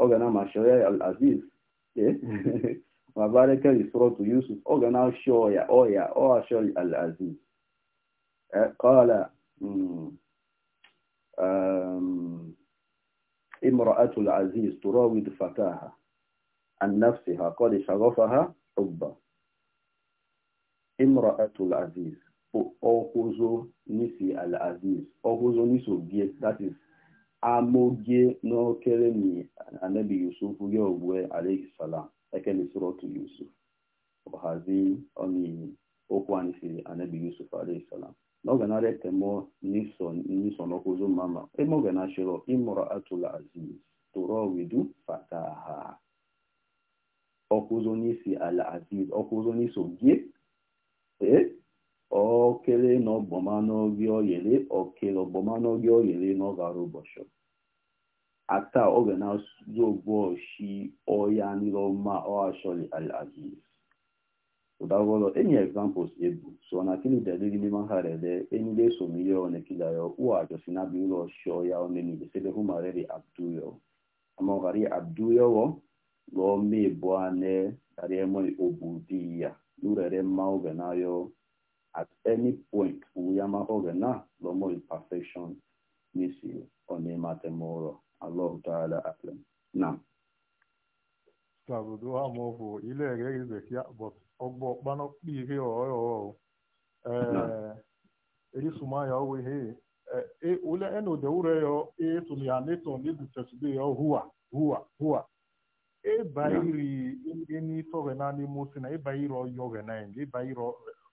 Ogana Mashoya Al Aziz. Eh? Mabare Ekele Surah to Yusuf. Ogana Shoya Oya Oya Shoya Al Aziz. قال امرأة العزيز تراود فتاها عن نفسها قد شغفها حبا امرأة العزيز ọkwụzụ n'isi ala aziz ọkwụzụ n'isi ogie that is amogie n'okere anabi yusuf gị ogbe alayhisalam ekele suratu yusuf ọhazi ọnịyi okwu anisi anabi yusuf alayhisalam n'oganarị temo n'iso n'ọkwụzụ mama emoganachiro ịmụrụ atụla aziz tụrọ widu fataha ọkwụzụ n'isi ala aziz ọkwụzụ n'isi ogie ee okele na ọgbọma n'oge oyele okele ọgbọma n'oge oyele n'ọghara ụbọchị ata oge na zogboshi oya niloma oasholi alaziz udagolo any examples ebu so na kini dalili ni maharele eni so kidayo obudiya nurere maugenayo at any point uyamahogana lomo imperfection nisi onimatemoro Allah Ta'ala aplan. Now. Sabudu amofu ile ege but ogbo oyo oh, oh, oh. eh ya eh, e ule eno de ure yo e ya neto ni dutesbe yo huwa huwa huwa e bayiri to gena ni musina e bayiro yo gena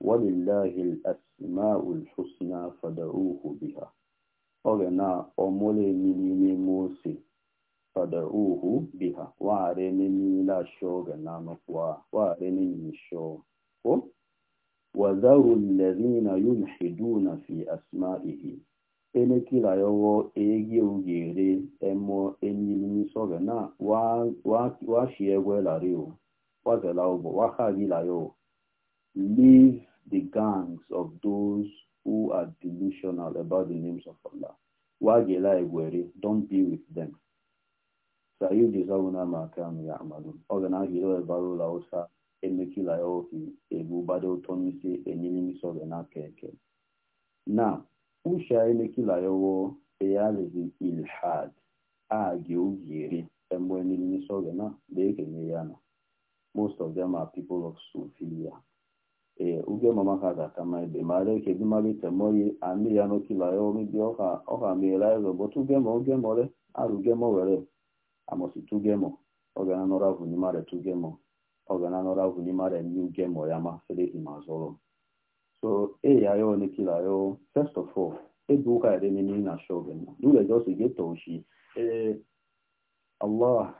ولله الأسماء الحسنى فدعوه بها أغنى أمولي مني موسي فدعوه بها وعرني لا شوغ نامقوا وعرني شوغ وذروا الذين يلحدون في أسمائه ene kila yowo egi ogere emo enyilimi soge na wa shi egwe lari o wazela ugbo waka gila yo leave the gangs of those who are delusional about the names of Allah. Wajela Egweri, don't be with them. Sayu Jizawuna Makam Ya'malun. Ogana Hilo Ebaru Laosa, Emekila Eofi, Ebubado Tonisi, Enilimiso Gena Keke. Now, Usha Emekila Ewo, Eyalizi Ilhad, Agi Ugiri, Emwe Enilimiso Gena, Beke Meyana. Most of them are people of Sufiyah. ee eh, uge mama ha ga-aka ma ebe mara ike dị mara ite mori amiri ya n'okila ya omidi ọha meere azọ bọtụ gemo oge more arụ gemo were amosi tugemo oge na nọrọ avụ n'imare tugemo oge na nọrọ avụ n'imare new gemo ya ma ferehi ma zọrọ so eya yo n'okila yo first of all ebe ụka ere nini na shogen n'ụlọ jọsi geto oshi ee eh, allah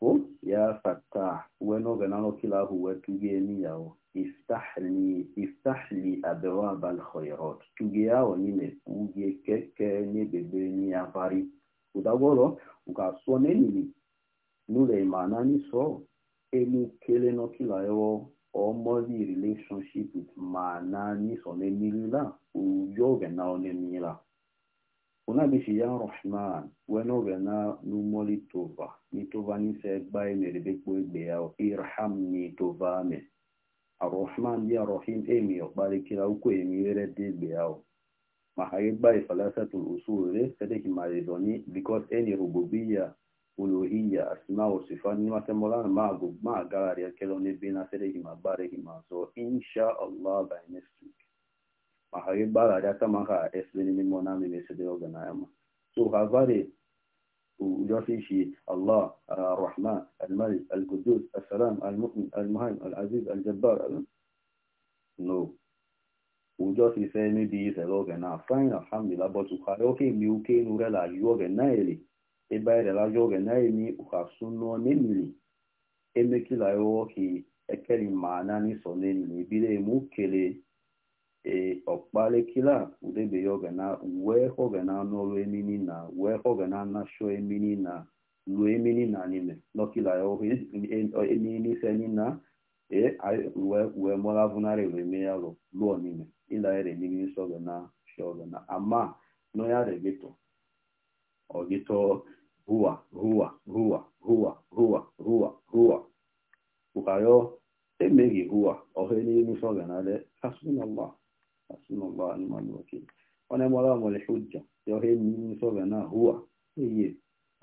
ko ya fattah weno ganano kila huwe tugeni yao iftah li iftah li abwab al khayrat tugeyao nine ugie keke ni bebe ni avari udagolo ukasone nini nule imana ni so emu kele no kila yo omoli relationship with mana ni so ne milila uyo ganao ne milila unabishi ya rahman wenoge na numoli tova nitovanise gbaime libekpoegbe yao irham nitovame arrahman ya rahim emi okbalikila uko emiwere degbe yao mahage gbae falasatul usule sedeki marizoni because eni rububiya uluhiya asma wasifa nimatemolana maagara riakelo nebina sedeki mabareki mazo insha allah by next week maka ịgbagharị aka maka esi n'ime mmụọ na amị na-esede oge na ama so havari ujofishi allah arrahman almalik alkudus assalam almu'min almuhaim alaziz aljabbar no ujofife mebi izere oge na fain alhamdulillah but ukhari oke mi uke nurela yi oge na eli ebe ayerela yi oge na emi uhasunno nemili emekila ya oke ekeli maana n'iso nemili ebile emu kelee ee ọkpalekila ya oge na wee oge na anụrụ emini na wee oge na anasho emini na ruo emini na n'ime nọkila e, ya ohe emini seni na ee wee mụra vụnarị reme ya lụ lụọ n'ime ịlaere emini nso oge na shi oge na ama nọya regito ogito huwa huwa huwa huwa huwa huwa huwa ụkayo emeghị huwa ohe n'ime nso oge na le hasbunallah rasulullah alimami wakil wọn ẹ mọra wọn lẹsọ jà yọ he mi sọrọ náà huwa eye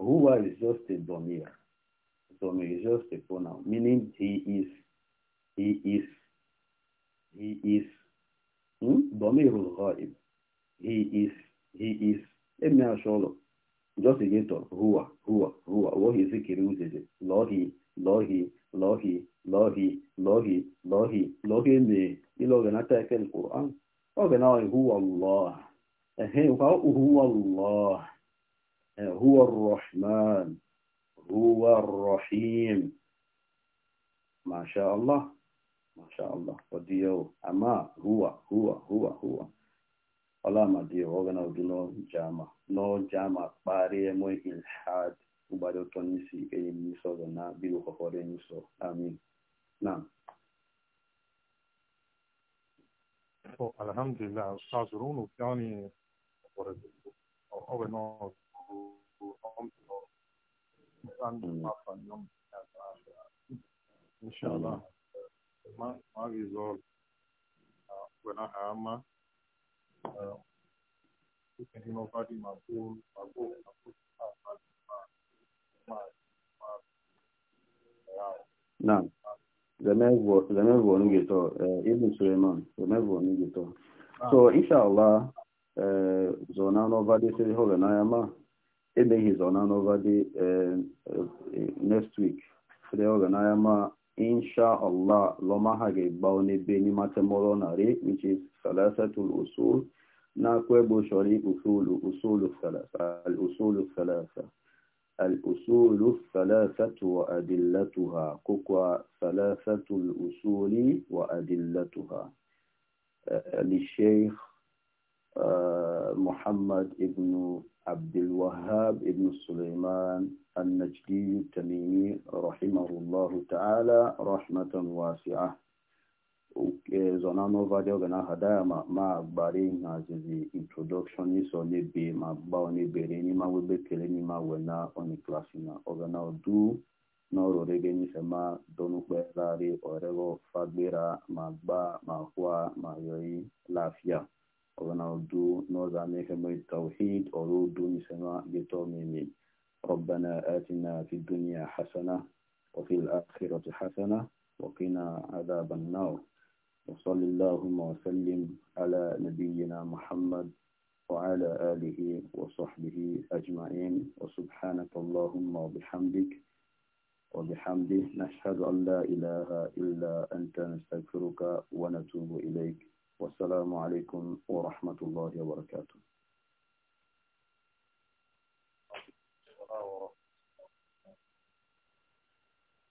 huwa is just a domir domir is just a pronoun meaning he is he is he is hmm? domir ghaib he is he is emi asọlọ just again to huwa huwa huwa wọ́n hi zikiri uzeze lọ́ọ̀hì lọ́ọ̀hì lọ́ọ̀hì lọ́ọ̀hì lọ́ọ̀hì lọ́ọ̀hì lọ́ọ̀hì emi ilọ̀gànátà ẹ̀kẹ́ ní quran oge na huwa allah ehe kwa huwa allah huwa arrahman huwa arrahim masha allah masha allah wadio ama huwa huwa huwa huwa olamadio oge na uduno jama no jama pare mo ilhad ubado tonisi eyi nisozo na bilu kokore niso amin naam So alhamdulillah, Ustaz Runu Piani for over and over and inshallah ma ma resolve uh, when I am uh, you can know about zamevu onige to eh, ibn suleiman zamevu to ah. so inshallah eh, zona nova de se hove na yama emeghi zona nova de eh, next week fere hove na yama inshallah loma ha ga-egba n'ebe n'imate moro narị which is salasatul usul na-akwa ebe usoro usulu usulu salasa al usulu salasa الأصول الثلاثة وأدلتها كوكو ثلاثة الأصول وأدلتها آه، للشيخ آه، محمد ابن عبد الوهاب ابن سليمان النجدي التميمي رحمه الله تعالى رحمة واسعة zonanova dioga na hadaya ma ma gbari hazizi introduction ni so ne be ma gba oni bere ni ma webe kele ni ma wena oni klasi na oga na odu na oro rege ni se ma donu pe lari orego fagbera ma gba ma hua ma yoi lafia oga odu na oza ne se mo tawhid oro odu ni se ma yeto mimi ربنا آتنا في الدنيا حسنة وفي الآخرة حسنة وقنا عذاب النار وصل اللهم وسلم على نبينا محمد وعلى آله وصحبه أجمعين وسبحانك اللهم وبحمدك وبحمده نشهد أن لا إله إلا أنت نستغفرك ونتوب إليك والسلام عليكم ورحمة الله وبركاته